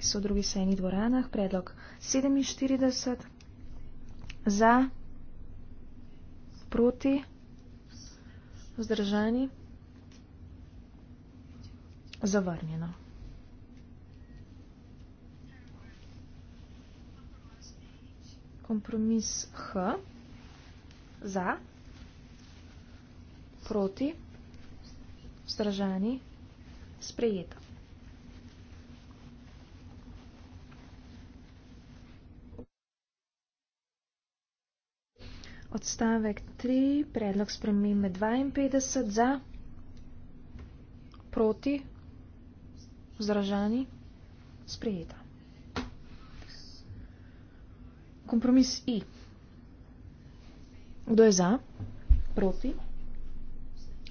ki so v drugi sejni dvoranah. Predlog 47 za proti. Vzdržani? Zavrnjeno. Kompromis H. Za. Proti. Vzdržani? Sprejeto. odstavek 3, predlog spremembe 52 za, proti, vzdržani, sprejeta. Kompromis I. Kdo je za, proti,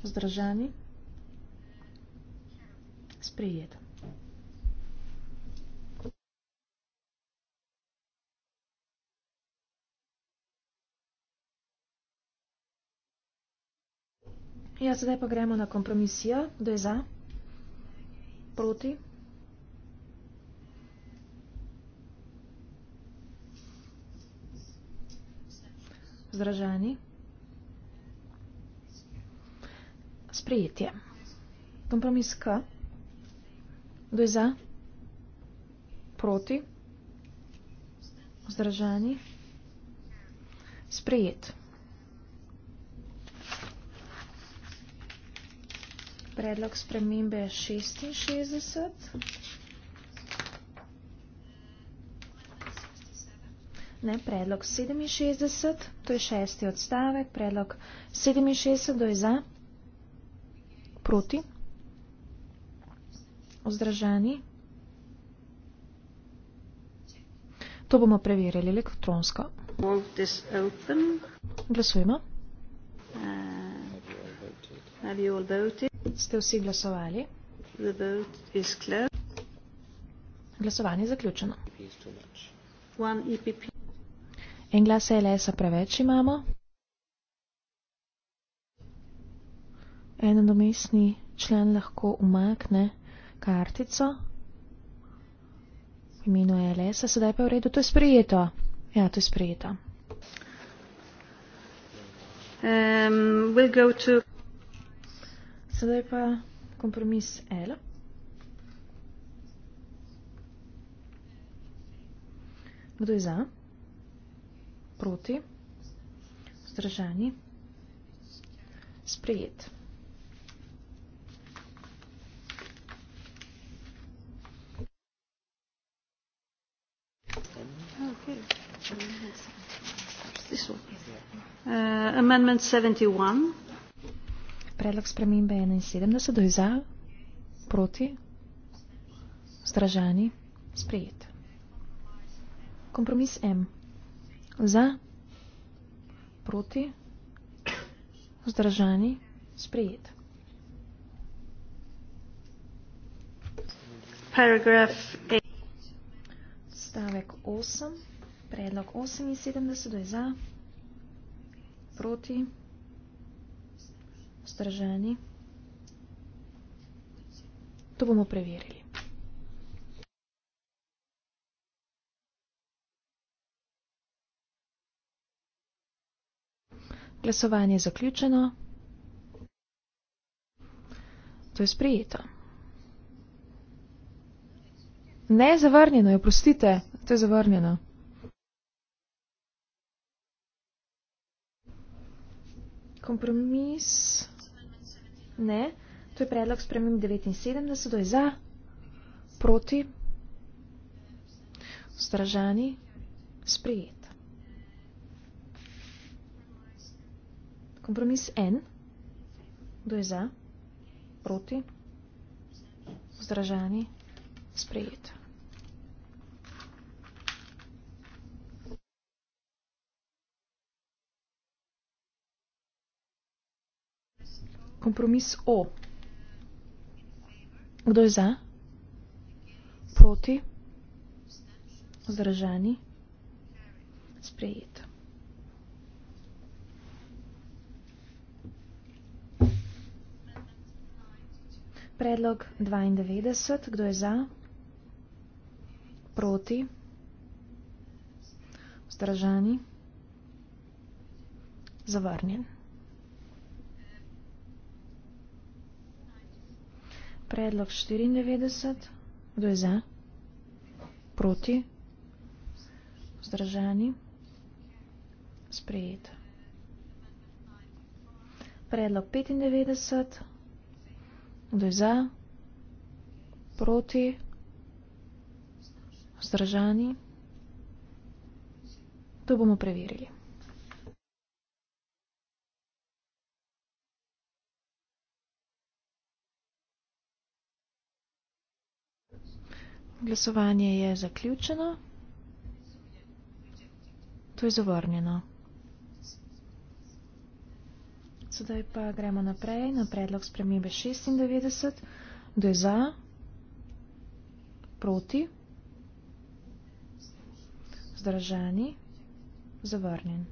vzdržani, sprejeta. Ja, zdaj pa gremo na kompromisijo, kdo je za, proti. Zdražani. Sprejetje. Kompromis K. Kdo je za? Proti. Zdražani. Sprejetje. predlog spremembe 66. Ne, predlog 67, to je šesti odstavek, predlog 67, do je za, proti, vzdržani. To bomo preverili elektronsko. Glasujemo. Uh, have you all voted? Ste vsi glasovali? The vote is closed. Glasovanje je zaključeno. E en glas LS-a preveč imamo. En domestni člen lahko umakne kartico v imenu LS-a. Sedaj pa je v redu, to je sprejeto. Ja, to je sprejeto. Um, we'll go to... Sedaj pa kompromis L. Kdo je za? Proti? Zdržani? Sprejet. Uh, amendment 71 predlog spremembe 71 do za, proti, zdražani, sprejet. Kompromis M. Za, proti, zdražani, sprejet. Paragraf 8. Stavek 8. Predlog 78 je za, proti, zdražani, sprejet vzdrženi. To bomo preverili. Glasovanje je zaključeno. To je sprijeto. Ne, zavrnjeno je, prostite, to je zavrnjeno. Kompromis. Ne. To je predlog spremem 79. Kdo je za? Proti? Zdražani? Sprejet. Kompromis N. Kdo je za? Proti? Zdražani? Sprejet. kompromis O. Kdo je za? Proti? Zdržani? Sprejeto. Predlog 92. Kdo je za? Proti? Zdržani? Zavrnjen. Predlog 94. Kdo je za? Proti? Vzdržani? Sprejet. Predlog 95. Kdo je za? Proti? Vzdržani? To bomo preverili. Glasovanje je zaključeno. To je zavrnjeno. Sedaj pa gremo naprej na predlog spremembe 96. Kdo je za? Proti? Zdržani? Zavrnjen.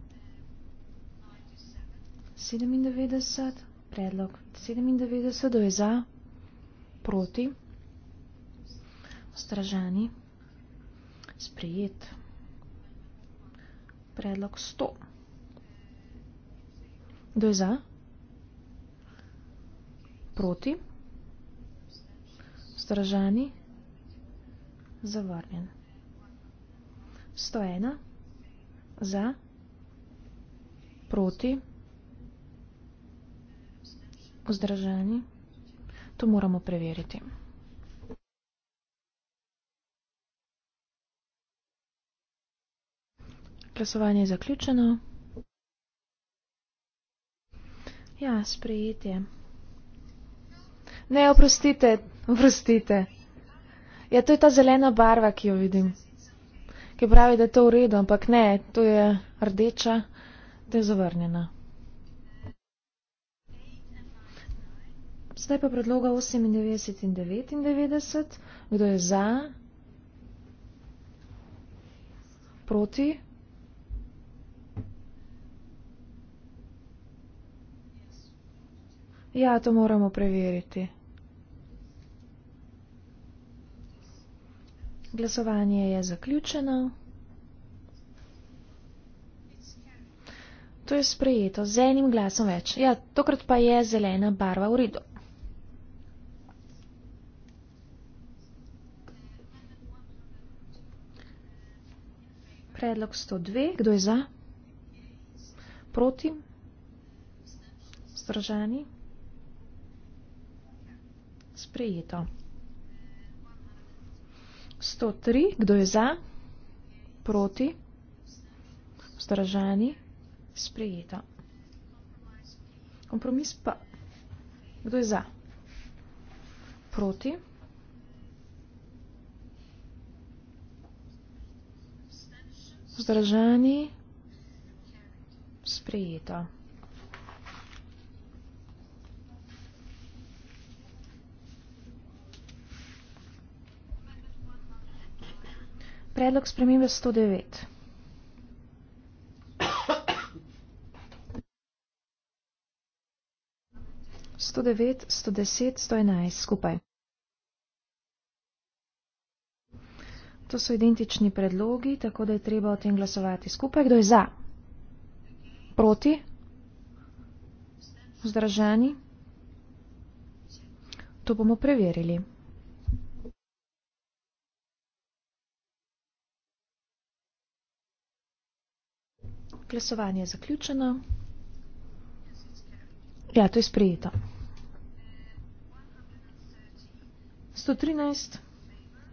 97. Predlog 97. Kdo je za? Proti? stražani, sprejet predlog 100. Kdo je za? Proti? Stražani? Zavrnjen. 101. Za? Proti? Vzdržani? To moramo preveriti. Glasovanje je zaključeno. Ja, sprejetje. Ne, oprostite, oprostite. Ja, to je ta zelena barva, ki jo vidim. Ki pravi, da je to v redu, ampak ne, to je rdeča, da je zavrnjena. Zdaj pa predloga 98 in 99. Kdo je za? Proti? Ja, to moramo preveriti. Glasovanje je zaključeno. To je sprejeto z enim glasom več. Ja, tokrat pa je zelena barva v redu. Predlog 102. Kdo je za? Proti? Stražani? sprejeto. 103. Kdo je za? Proti? Vzdržani? Sprejeto. Kompromis pa. Kdo je za? Proti? Vzdržani? Sprejeto. Predlog spremembe 109. Sto devet, sto deset, sto enajst skupaj. To so identični predlogi, tako da je treba o tem glasovati skupaj. Kdo je za? Proti? Vzdržani? To bomo preverili. Glasovanje je zaključeno. Ja, to je sprejeto. 113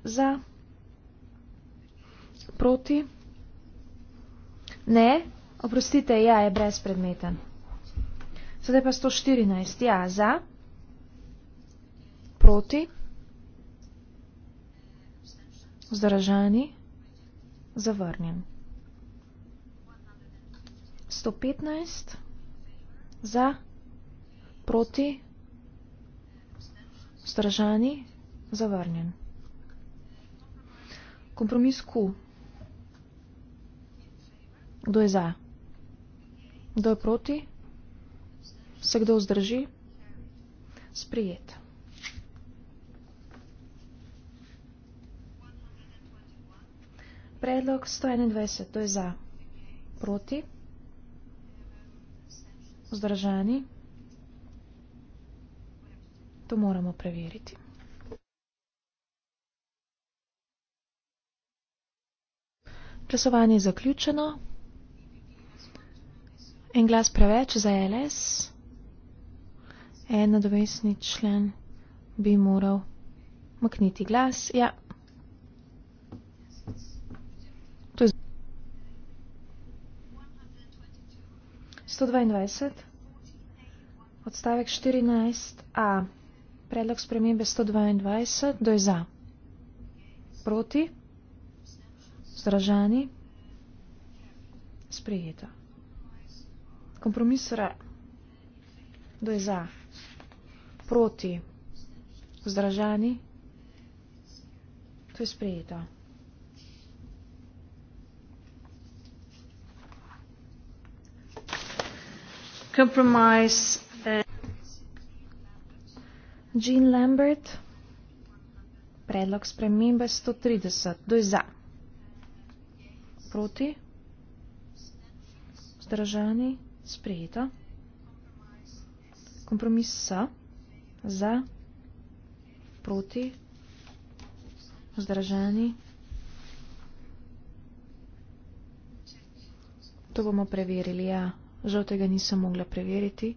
za, proti, ne, oprostite, ja, je brezpredmeten. Sedaj pa 114, ja, za, proti, vzdržani, zavrnjen. 115 za, proti, vzdržani, zavrnjen. Kompromis Q. Kdo je za? Kdo je proti? Vse kdo vzdrži? Sprijet. Predlog 121, to je za, proti, vzdržani? To moramo preveriti. Glasovanje je zaključeno. En glas preveč za LS. En nadomestni člen bi moral mkniti glas. Ja, 122, odstavek 14a, predlog spremembe 122, do je za. Proti, zdražani, sprejeta. Kompromisora, do je za. Proti, zdražani, to je sprejeta. compromise. Eh, Jean Lambert, predlog spremembe 130, doj za. Proti, zdržani, sprejeto. Kompromis so, za, proti, zdržani. To bomo preverili, ja. Žal tega nisem mogla preveriti.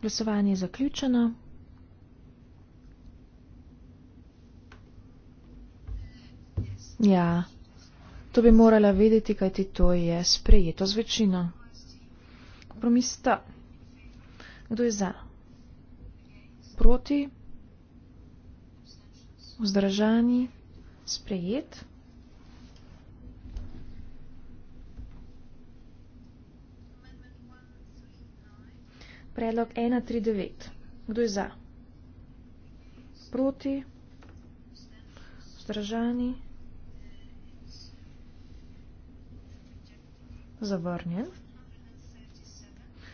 Glasovanje je zaključeno. Ja, to bi morala vedeti, kaj ti to je sprejeto z večino. Kompromis sta. Kdo je za? Proti? Vzdržani? Sprejet? Sprejet? Predlog 139. Kdo je za? Proti? Zdržani? Zavrnjen?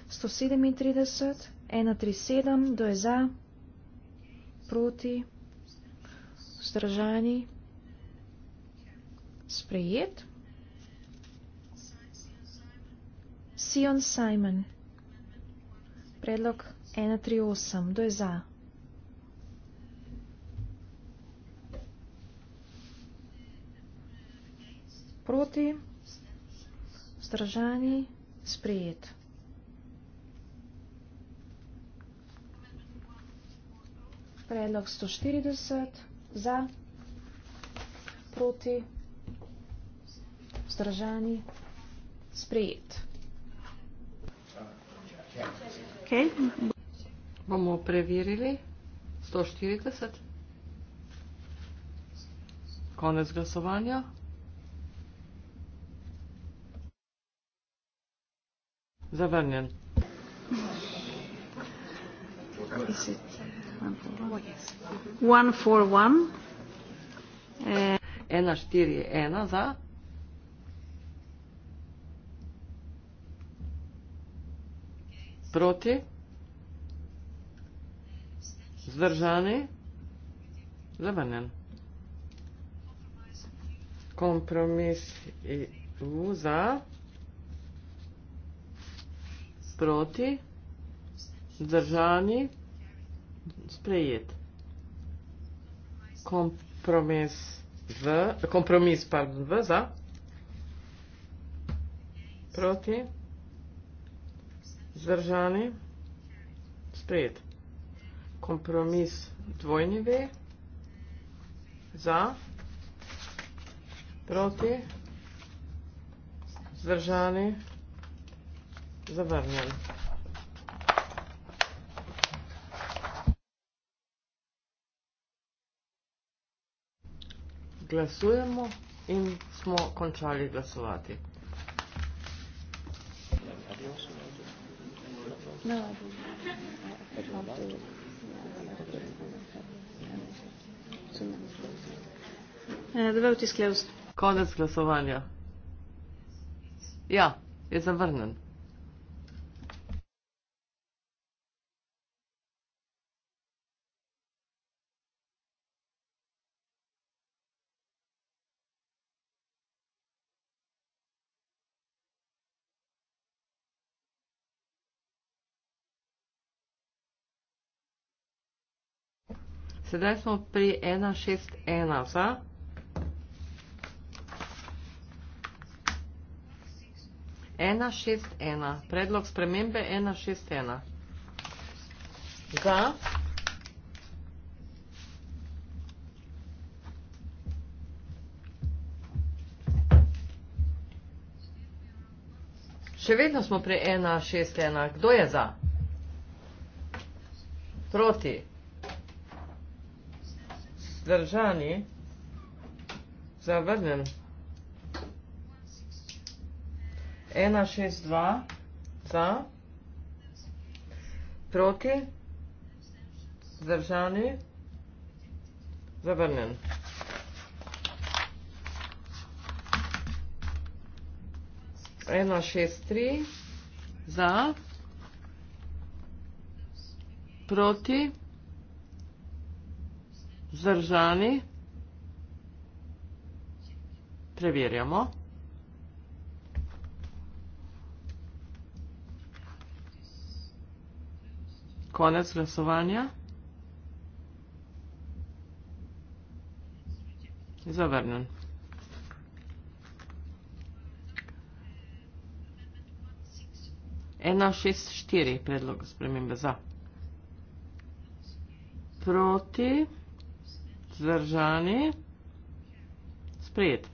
137. 137. Kdo je za? Proti? Zdržani? Sprejet? Sion Simon. Sion Simon. Predlog 138. Kdo je za? Proti? Vzdržani? Sprejet. Predlog 140. Za? Proti? Vzdržani? Sprejet. Yeah. Okay. Bomo preverili 140. Konec glasovanja. Zavrnjen. One for one. Ena štiri ena za. proti, zdržani, zavrnjen. Kompromis EU za, proti, zdržani, sprejet. Kompromis V, kompromis, pardon, V za, proti, zdržani, sprejet. Zdržani. Sprejet. Kompromis dvojni V. Za. Proti. Zdržani. Zavrnjen. Glasujemo in smo končali glasovati. Adios. No, I didn't. I, I can't do it. The vote is closed. Konec glasovanja. Ja, je zavrnen. Sedaj smo pri 161, vsa. Ena šest ena. Predlog spremembe ena šest ena. Za. Še vedno smo pri ena šest ena. Kdo je za? Proti zdržani, zavrnjen. 1, 6, 2, za, proti, zdržani, zavrnjen. Ena, šest, tri, za, proti, zdržani, zavrnjen. Zdržani. Preverjamo. Konec glasovanja. Zavrnen. Ena šest štiri predlog spremembe za. Proti. Proti. Zdržani. Sprejet.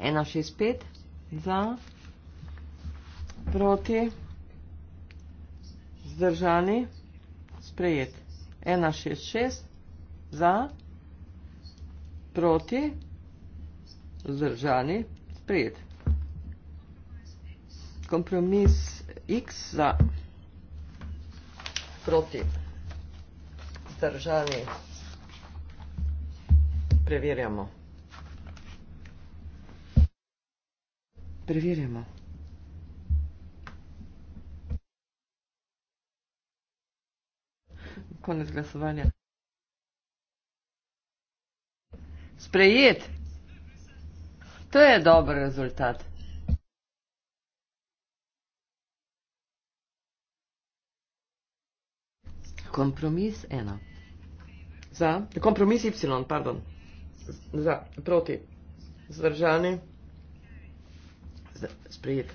165 za. Proti. Zdržani. Sprejet. 166 za. Proti. Zdržani. Sprejet. Kompromis X za. Proti. Zdržani. Zdržani. Preverjamo. Preverjamo. Konec glasovanja. Sprejet. To je dober rezultat. Kompromis ena. Za? Kompromis Y, pardon za, proti, zdržani, sprejet.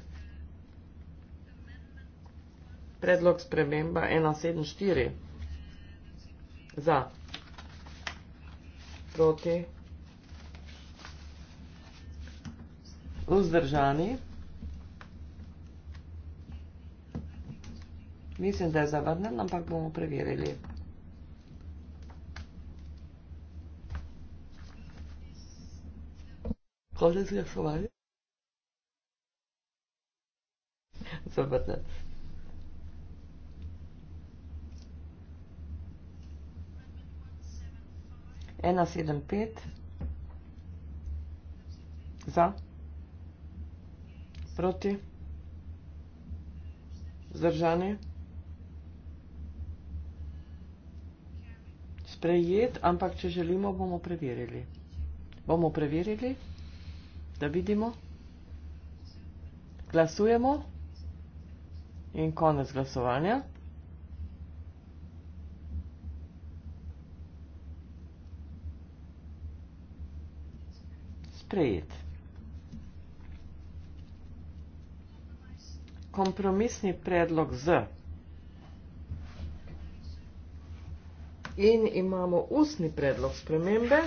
Predlog sprememba 174 za, proti, vzdržani. Mislim, da je zavrnjen, ampak bomo preverili. cose si lasciavare. Sono abbastanza. Ena sedem pet. Za. Proti. Zdržanje. Sprejet, ampak če želimo, bomo preverili. Bomo preverili da vidimo. Glasujemo in konec glasovanja. Sprejet. Kompromisni predlog z. In imamo ustni predlog spremembe.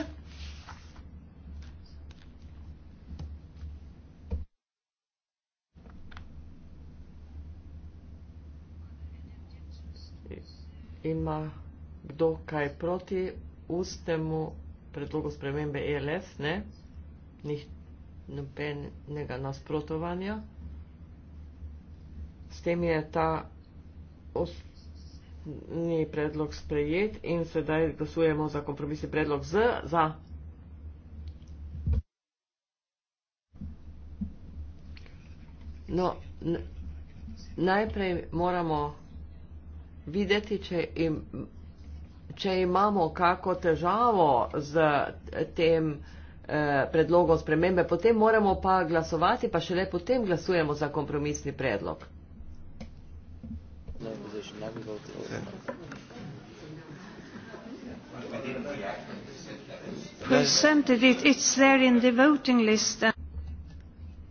ima kdo kaj proti ustemu predlogu spremembe ELF, ne? Nih nobenega nasprotovanja. S tem je ta osni predlog sprejet in sedaj glasujemo za kompromisni predlog Z za. No, najprej moramo videti, če, im, če imamo kako težavo z tem eh, predlogom spremembe, potem moramo pa glasovati, pa šele potem glasujemo za kompromisni predlog.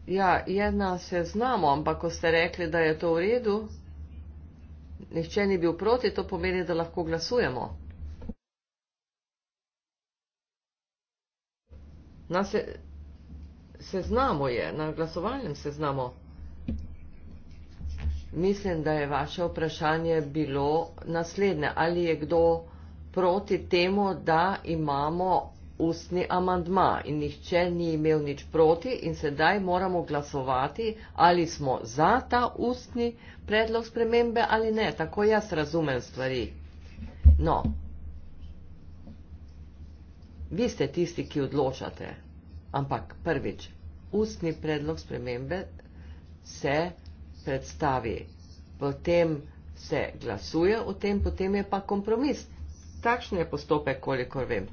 Ja, je na seznamu, ampak ko ste rekli, da je to v redu nihče ni bil proti, to pomeni, da lahko glasujemo. Na se, seznamu je, na glasovalnem seznamu. Mislim, da je vaše vprašanje bilo naslednje. Ali je kdo proti temu, da imamo ustni amandma in nihče ni imel nič proti in sedaj moramo glasovati, ali smo za ta ustni predlog spremembe ali ne. Tako jaz razumem stvari. No, vi ste tisti, ki odločate, ampak prvič, ustni predlog spremembe se predstavi, potem se glasuje o tem, potem je pa kompromis. Takšen je postopek, kolikor vem.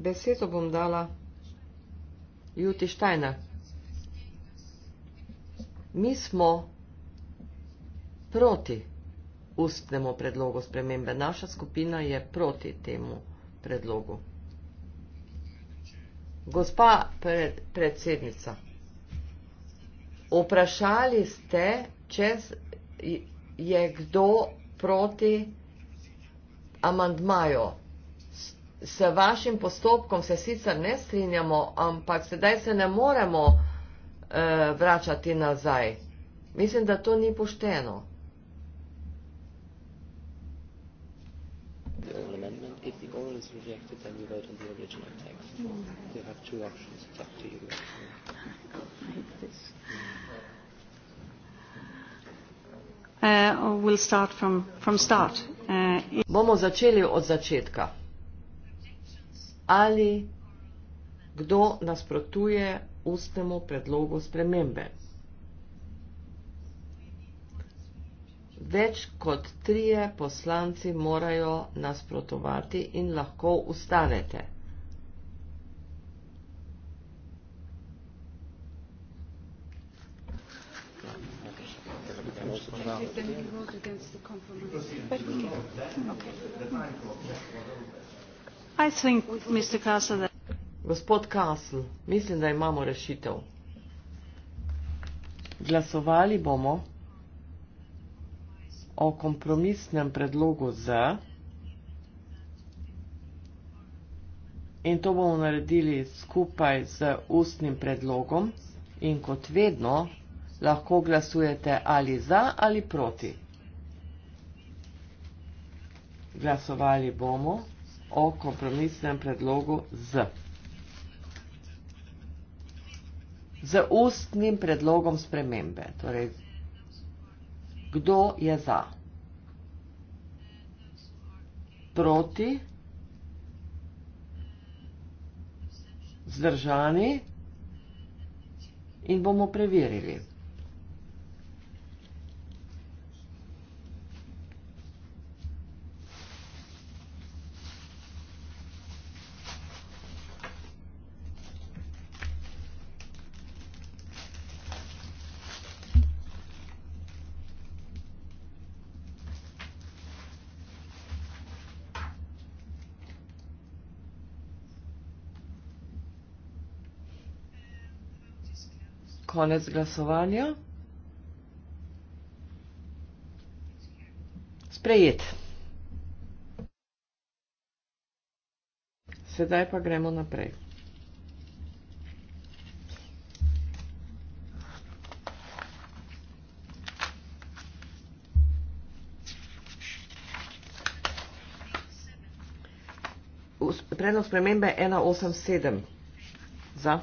besedo bom dala Juti Štajner. Mi smo proti ustnemu predlogu spremembe. Naša skupina je proti temu predlogu. Gospa pred, predsednica, vprašali ste, če je kdo proti amandmaju s vašim postopkom se sicer ne strinjamo, ampak sedaj se ne moremo eh, vračati nazaj. Mislim, da to ni pošteno. Uh, we'll start from, from start. Uh, bomo začeli od začetka ali kdo nasprotuje ustnemu predlogu spremembe. Več kot trije poslanci morajo nasprotovati in lahko ustanete. Okay. Okay. Okay. Okay. Okay. Okay. Okay. Okay think, Castle, that... Gospod Castle, mislim, da imamo rešitev. Glasovali bomo o kompromisnem predlogu Z in to bomo naredili skupaj z ustnim predlogom in kot vedno lahko glasujete ali za ali proti. Glasovali bomo o kompromisnem predlogu z. Z ustnim predlogom spremembe. Torej, kdo je za? Proti? Zdržani? In bomo preverili. konec glasovanja. Sprejet. Sedaj pa gremo naprej. Predlog spremembe 187. Za.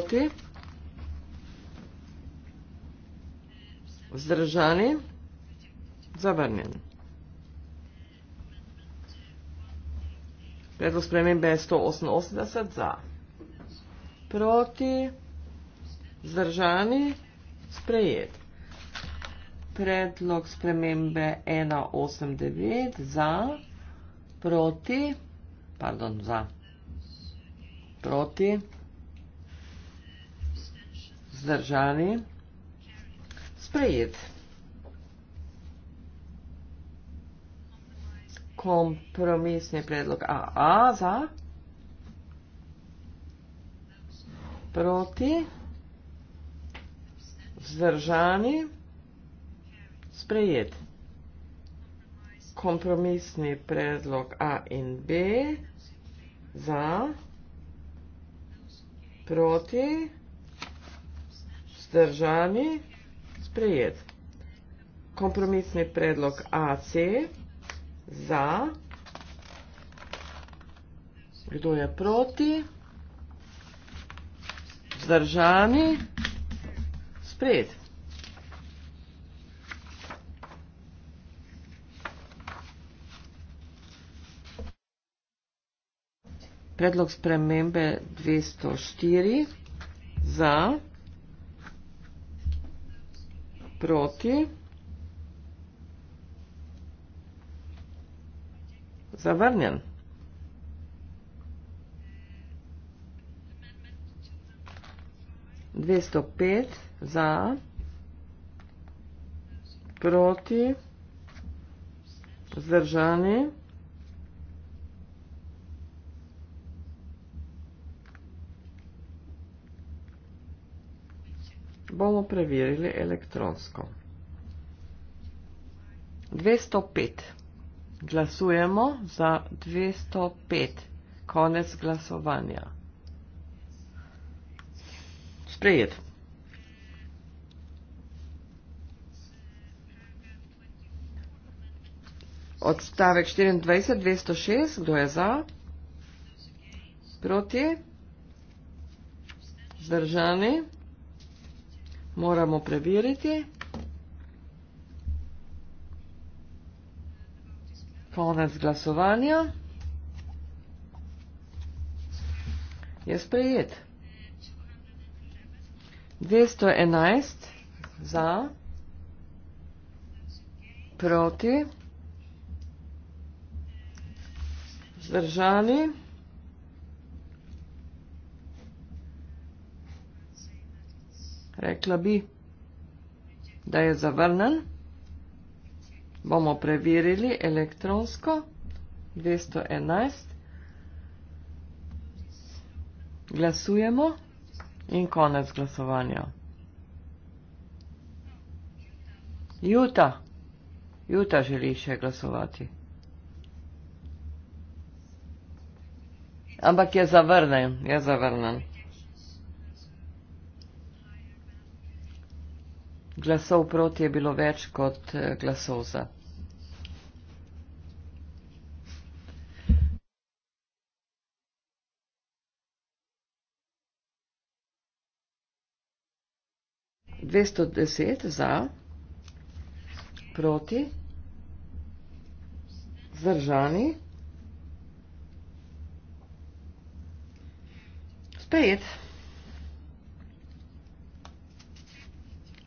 proti, vzdržani, zavrnjen. Predlog spremembe je 188 za. Proti, zdržani, sprejet. Predlog spremembe 189 za, proti, pardon, za, proti, zdržani. Zdržani. Sprejet. Kompromisni predlog AA za. Proti. Zdržani. Sprejet. Kompromisni predlog A in B za, proti, zdržani vzdržani, sprejet. Kompromisni predlog AC za, kdo je proti, vzdržani, sprejet. Predlog spremembe 204 za proti, zavrnjen. Dvesto pet za, proti, zdržani. Dvesto pet za, proti, zdržani. bomo preverili elektronsko. 205. Glasujemo za 205. Konec glasovanja. Sprejet. Odstavek 24, 206. Kdo je za? Proti? Zdržani? Zdržani? moramo preveriti. Konec glasovanja. Je sprejet. 211 za, proti, zdržani. rekla bi, da je zavrnen. Bomo preverili elektronsko 211. Glasujemo in konec glasovanja. Juta. Juta želi še glasovati. Ampak je zavrnen, je zavrnen. glasov proti je bilo več kot eh, glasov za. Dvesto deset za, proti, zdržani, spet.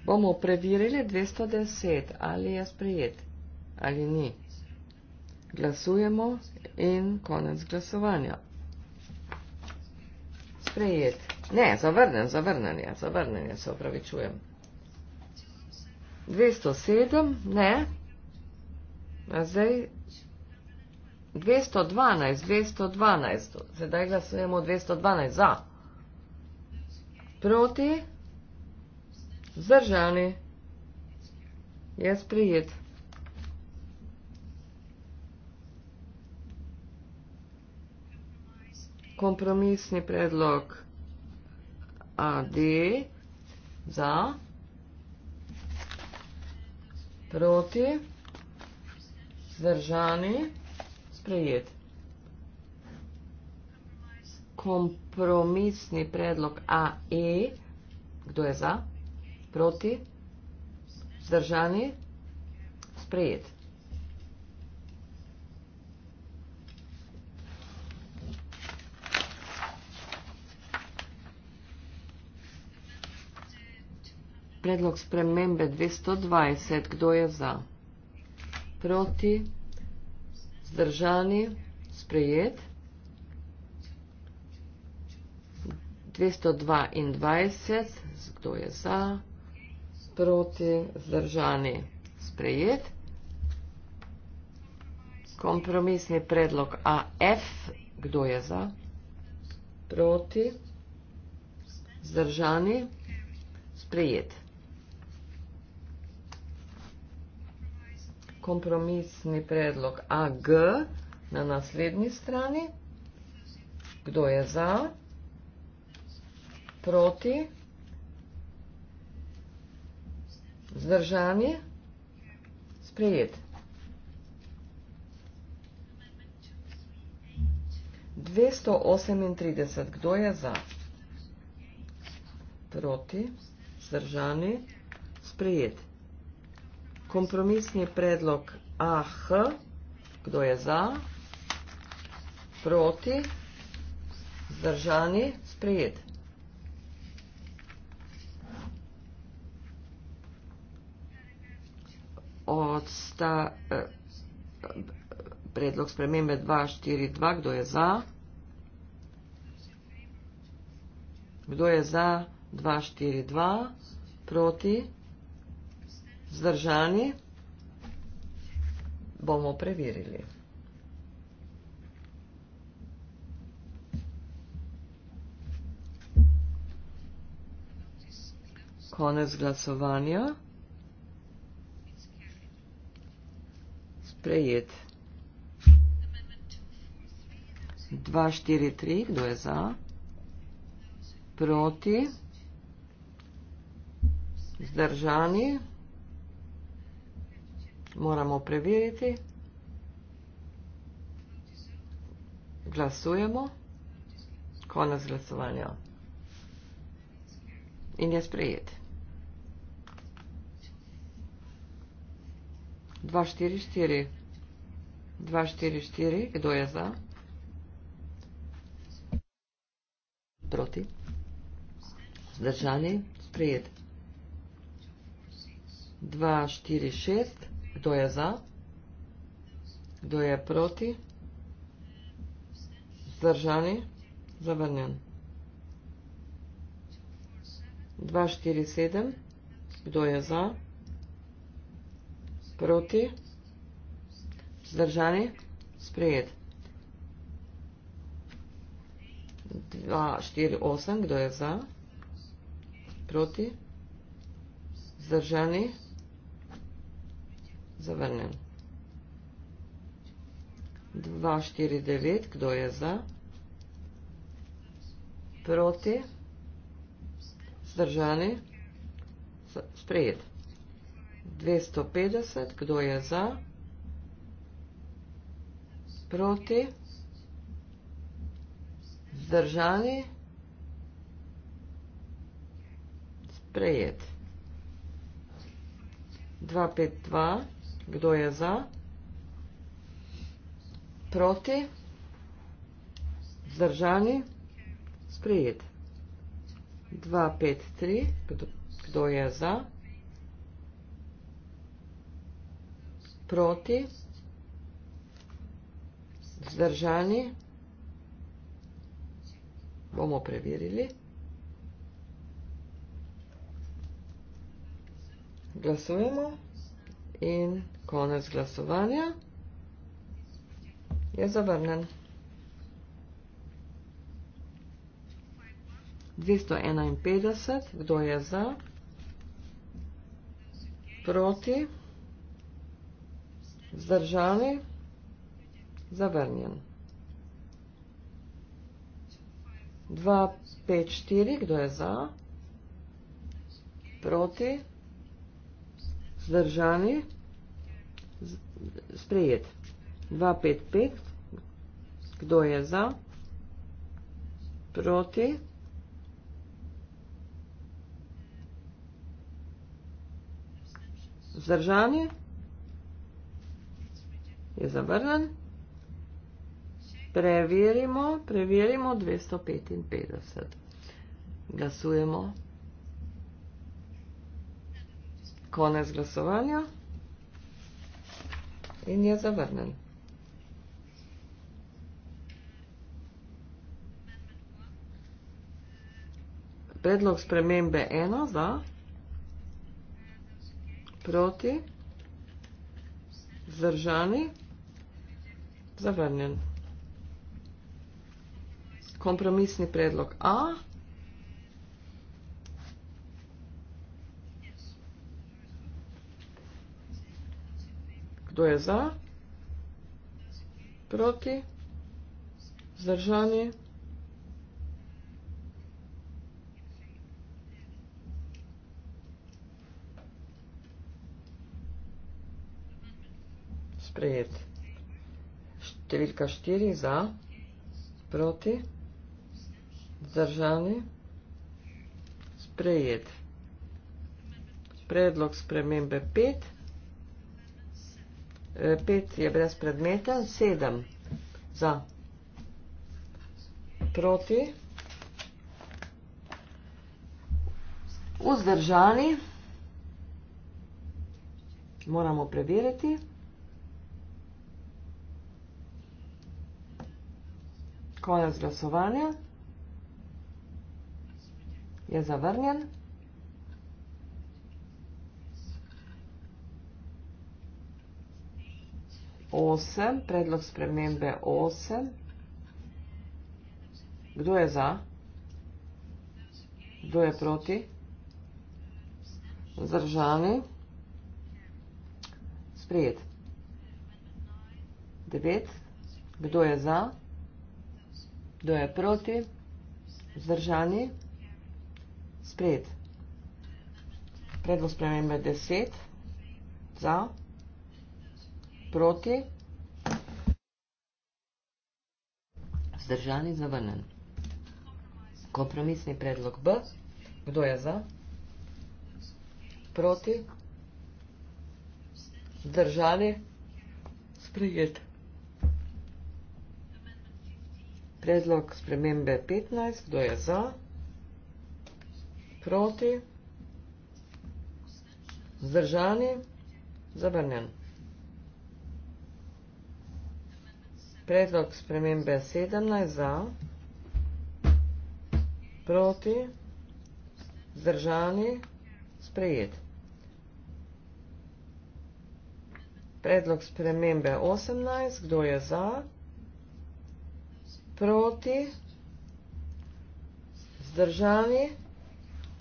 Bomo preverili 210, ali je sprejet, ali ni. Glasujemo in konec glasovanja. Sprejet. Ne, zavrnen, zavrnen je, zavrnen je, se opravičujem. 207, ne. A zdaj 212, 212. Sedaj glasujemo 212 za. Proti. Zdržani. Je sprijet. Kompromisni predlog AD za proti zdržani sprejet. Kompromisni predlog AE, kdo je za? Proti? Zdržani? Sprejet. Predlog spremembe 220. Kdo je za? Proti? Zdržani? Sprejet. 222. Kdo je za? Proti? proti, zdržani, sprejet. Kompromisni predlog AF, kdo je za, proti, zdržani, sprejet. Kompromisni predlog AG na naslednji strani, kdo je za, proti, zdržani, sprejet. Zdržanje. Sprejet. Dvesto osemintrideset. Kdo je za? Proti. Zdržanje. Sprejet. Kompromisni predlog AH. Kdo je za? Proti. Zdržanje. Sprejet. Zdržanje. odsta eh, predlog spremembe 242. Kdo je za? Kdo je za 242? Proti? Zdržani? Bomo preverili. Konec glasovanja. Prejet. 243, kdo je za? Proti. Zdržani. Moramo preveriti. Glasujemo. Konec glasovanja. In je sprejet. 244. Kdo je za? Proti. Zdržani. Sprejet. 246. Kdo je za? Kdo je proti? Zdržani. Zavrnjen. 247. Kdo je za? proti, zdržani, sprejet. 2, 4, 8, kdo je za, proti, zdržani, zavrnen. 2, 4, 9, kdo je za, proti, zdržani, sprejet. 250, kdo je za? Proti? Zdržani? Sprejet. 252, kdo je za? Proti? Zdržani? Sprejet. 253, kdo, kdo je za? Proti? proti, zdržani, bomo preverili, glasujemo in konec glasovanja je zavrnen. 251, kdo je za, proti, proti, Zdržani. Zavrnjen. 2, 5, 4. Kdo je za? Proti. Zdržani. Sprejet. 2, 5, 5. Kdo je za? Proti. Zdržanje je zavrnen. Preverimo, preverimo 255. Glasujemo. Konec glasovanja. In je zavrnen. Predlog spremembe 1 za, proti, zdržani. Zavrnjen. Kompromisni predlog A. Kdo je za? Proti? Zdržani? Sprejeti številka 4 za, proti, zdržani, sprejet. Predlog spremembe 5, 5 e, je brez predmeta, 7 za, proti, vzdržani, moramo preveriti, 7. konec glasovanja je zavrnjen. Osem, predlog spremembe osem. Kdo je za? Kdo je proti? Zdržani. Sprijet. Devet. Kdo je za? Kdo je za? Kdo je proti? Zdržani? Sprejet. Predlog spremembe 10. Za? Proti? Zdržani? Zavrnen. Kompromisni predlog B. Kdo je za? Proti? Zdržani? Sprejet. Sprejet. Predlog spremembe 15. Kdo je za? Proti? Zdržani? Zabrnen. Predlog spremembe 17. Za? Proti? Zdržani? Sprejet. Predlog spremembe 18. Kdo je za? Proti? proti, zdržani,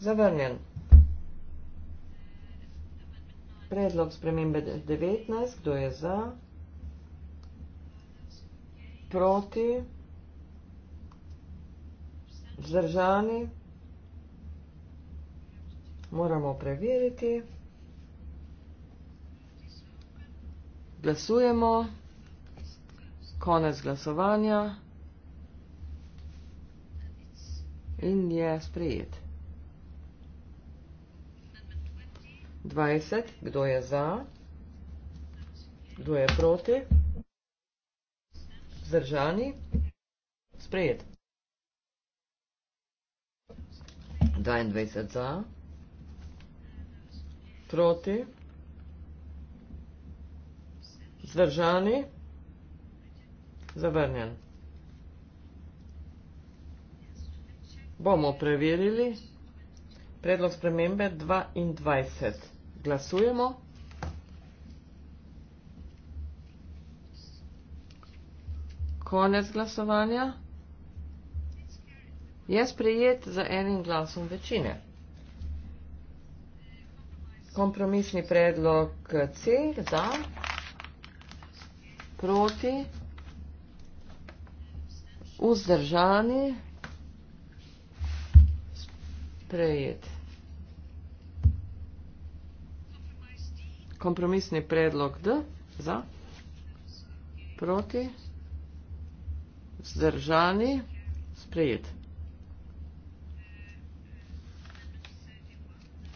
zavrnjen. Predlog spremembe 19, kdo je za, proti, zdržani, moramo preveriti, glasujemo, konec glasovanja. in je sprejet. 20. Kdo je za? Kdo je proti? Zdržani? Sprejet. 22 za, proti, zdržani, zavrnjen. Bomo preverili predlog spremembe 22. Glasujemo. Konec glasovanja. Je sprejet za enim glasom večine. Kompromisni predlog C, da, proti, vzdržani, prejet. Kompromisni predlog D za proti zdržani sprejet.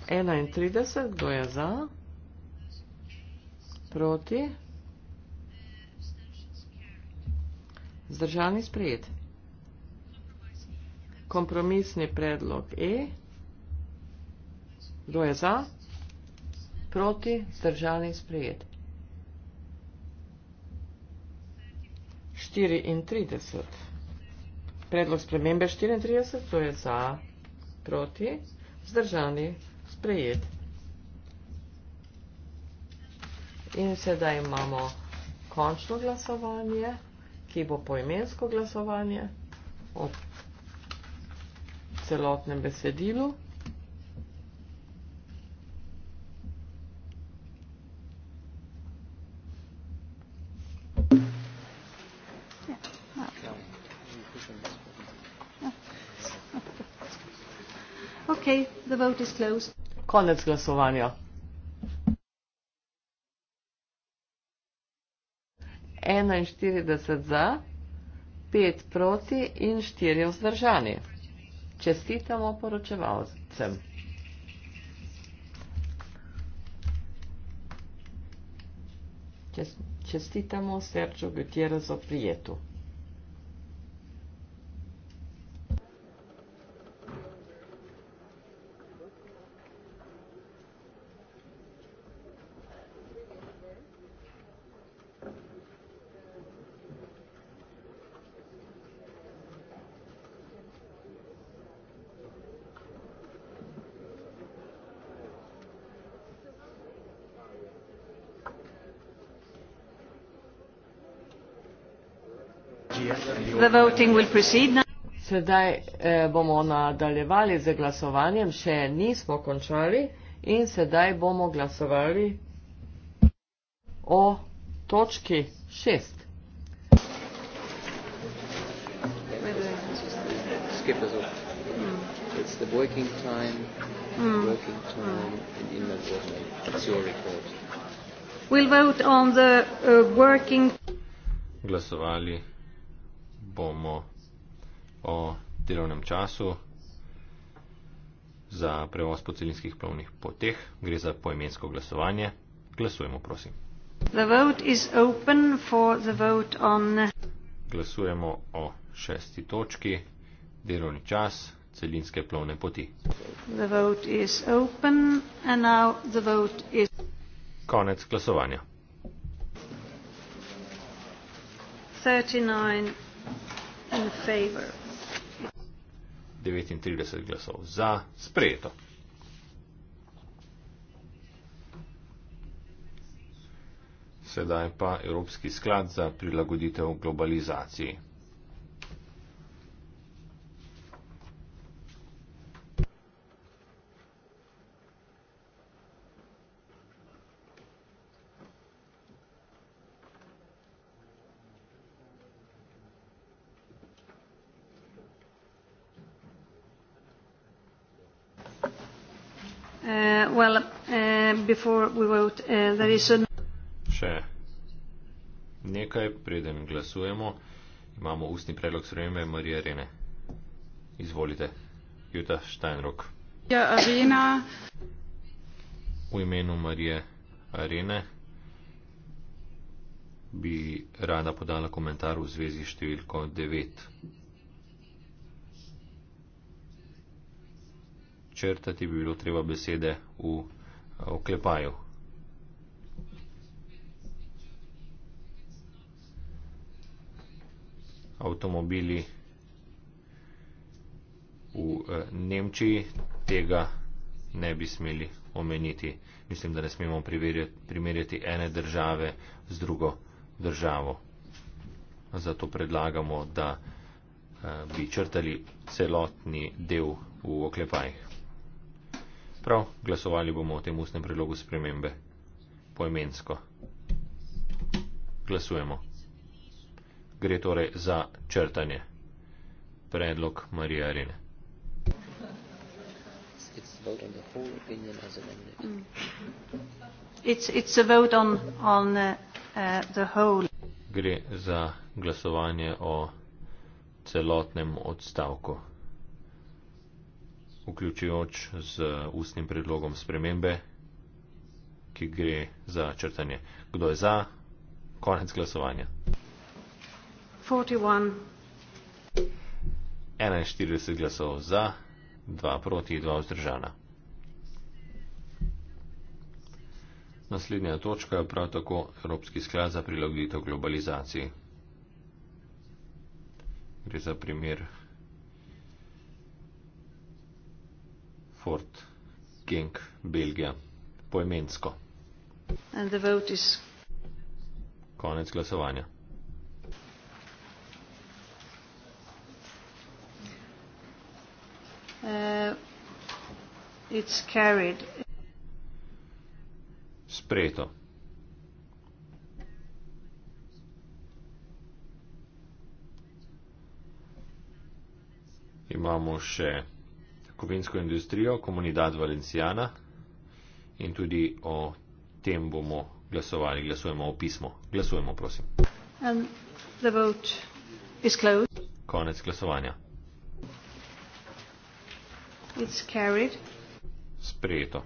31, kdo je za, proti, zdržani sprejet. Kompromisni predlog E. Kdo je za? Proti, zdržani, sprejet. 34. Predlog spremembe 34, to je za, proti, zdržani, sprejet. In sedaj imamo končno glasovanje, ki bo poimensko glasovanje o celotnem besedilu. The vote is closed. Konec glasovanja. Enainštirideset za, pet proti in štiri vzdržani. Čestitamo poročevalcem. Čestitamo Sergio Gutierrezo Prijetu. Sedaj eh, bomo nadaljevali z glasovanjem, še nismo končali in sedaj bomo glasovali o točki šest. Hmm. Uh, glasovali bomo o delovnem času za prevoz po celinskih plovnih poteh. Gre za poimensko glasovanje. Glasujemo, prosim. The vote is open for the vote on... Glasujemo o šesti točki, delovni čas celinske plovne poti. The vote is open and now the vote is... Konec glasovanja. 39 39 glasov za sprejeto. Sedaj pa Evropski sklad za prilagoditev globalizaciji. before we vote. Uh, there is an Še nekaj, preden glasujemo. Imamo ustni predlog sprememe Marije Rene. Izvolite. Juta Steinrock. Ja, Arena. V imenu Marije Arene bi rada podala komentar v zvezi s številko 9. Črtati bi bilo treba besede v oklepaju. Avtomobili v eh, Nemčiji tega ne bi smeli omeniti. Mislim, da ne smemo primerjati ene države z drugo državo. Zato predlagamo, da eh, bi črtali celotni del v oklepajih. Prav, glasovali bomo o tem ustnem predlogu spremembe. Poimensko. Glasujemo. Gre torej za črtanje. Predlog Marije Arine. Mm. It's, it's on, on, uh, uh Gre za glasovanje o celotnem odstavku vključujoč z ustnim predlogom spremembe, ki gre za črtanje. Kdo je za? Konec glasovanja. 41. 41 glasov za, 2 proti, 2 vzdržana. Naslednja točka je prav tako Evropski sklad za prilagoditev globalizaciji. Gre za primer Frankfurt, Genk, Belgija, poimensko. Is... Konec glasovanja. Uh, Sprejeto. Imamo še kovinsko industrijo, komunidad Valencijana in tudi o tem bomo glasovali. Glasujemo o pismo. Glasujemo, prosim. Um, Konec glasovanja. Sprejeto.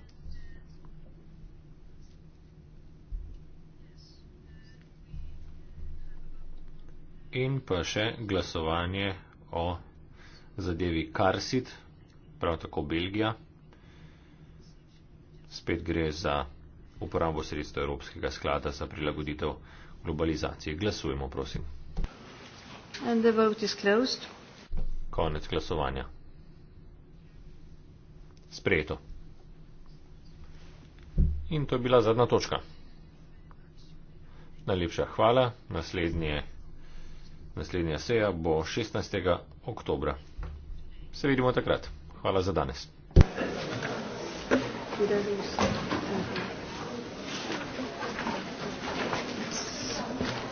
In pa še glasovanje o zadevi Karsit, prav tako Belgija. Spet gre za uporabo sredstva Evropskega sklada za prilagoditev globalizacije. Glasujemo, prosim. Konec glasovanja. Sprejeto. In to je bila zadnja točka. Najlepša hvala. Naslednje, naslednja seja bo 16. oktobra. Se vidimo takrat. Hvala za danes. Hvala za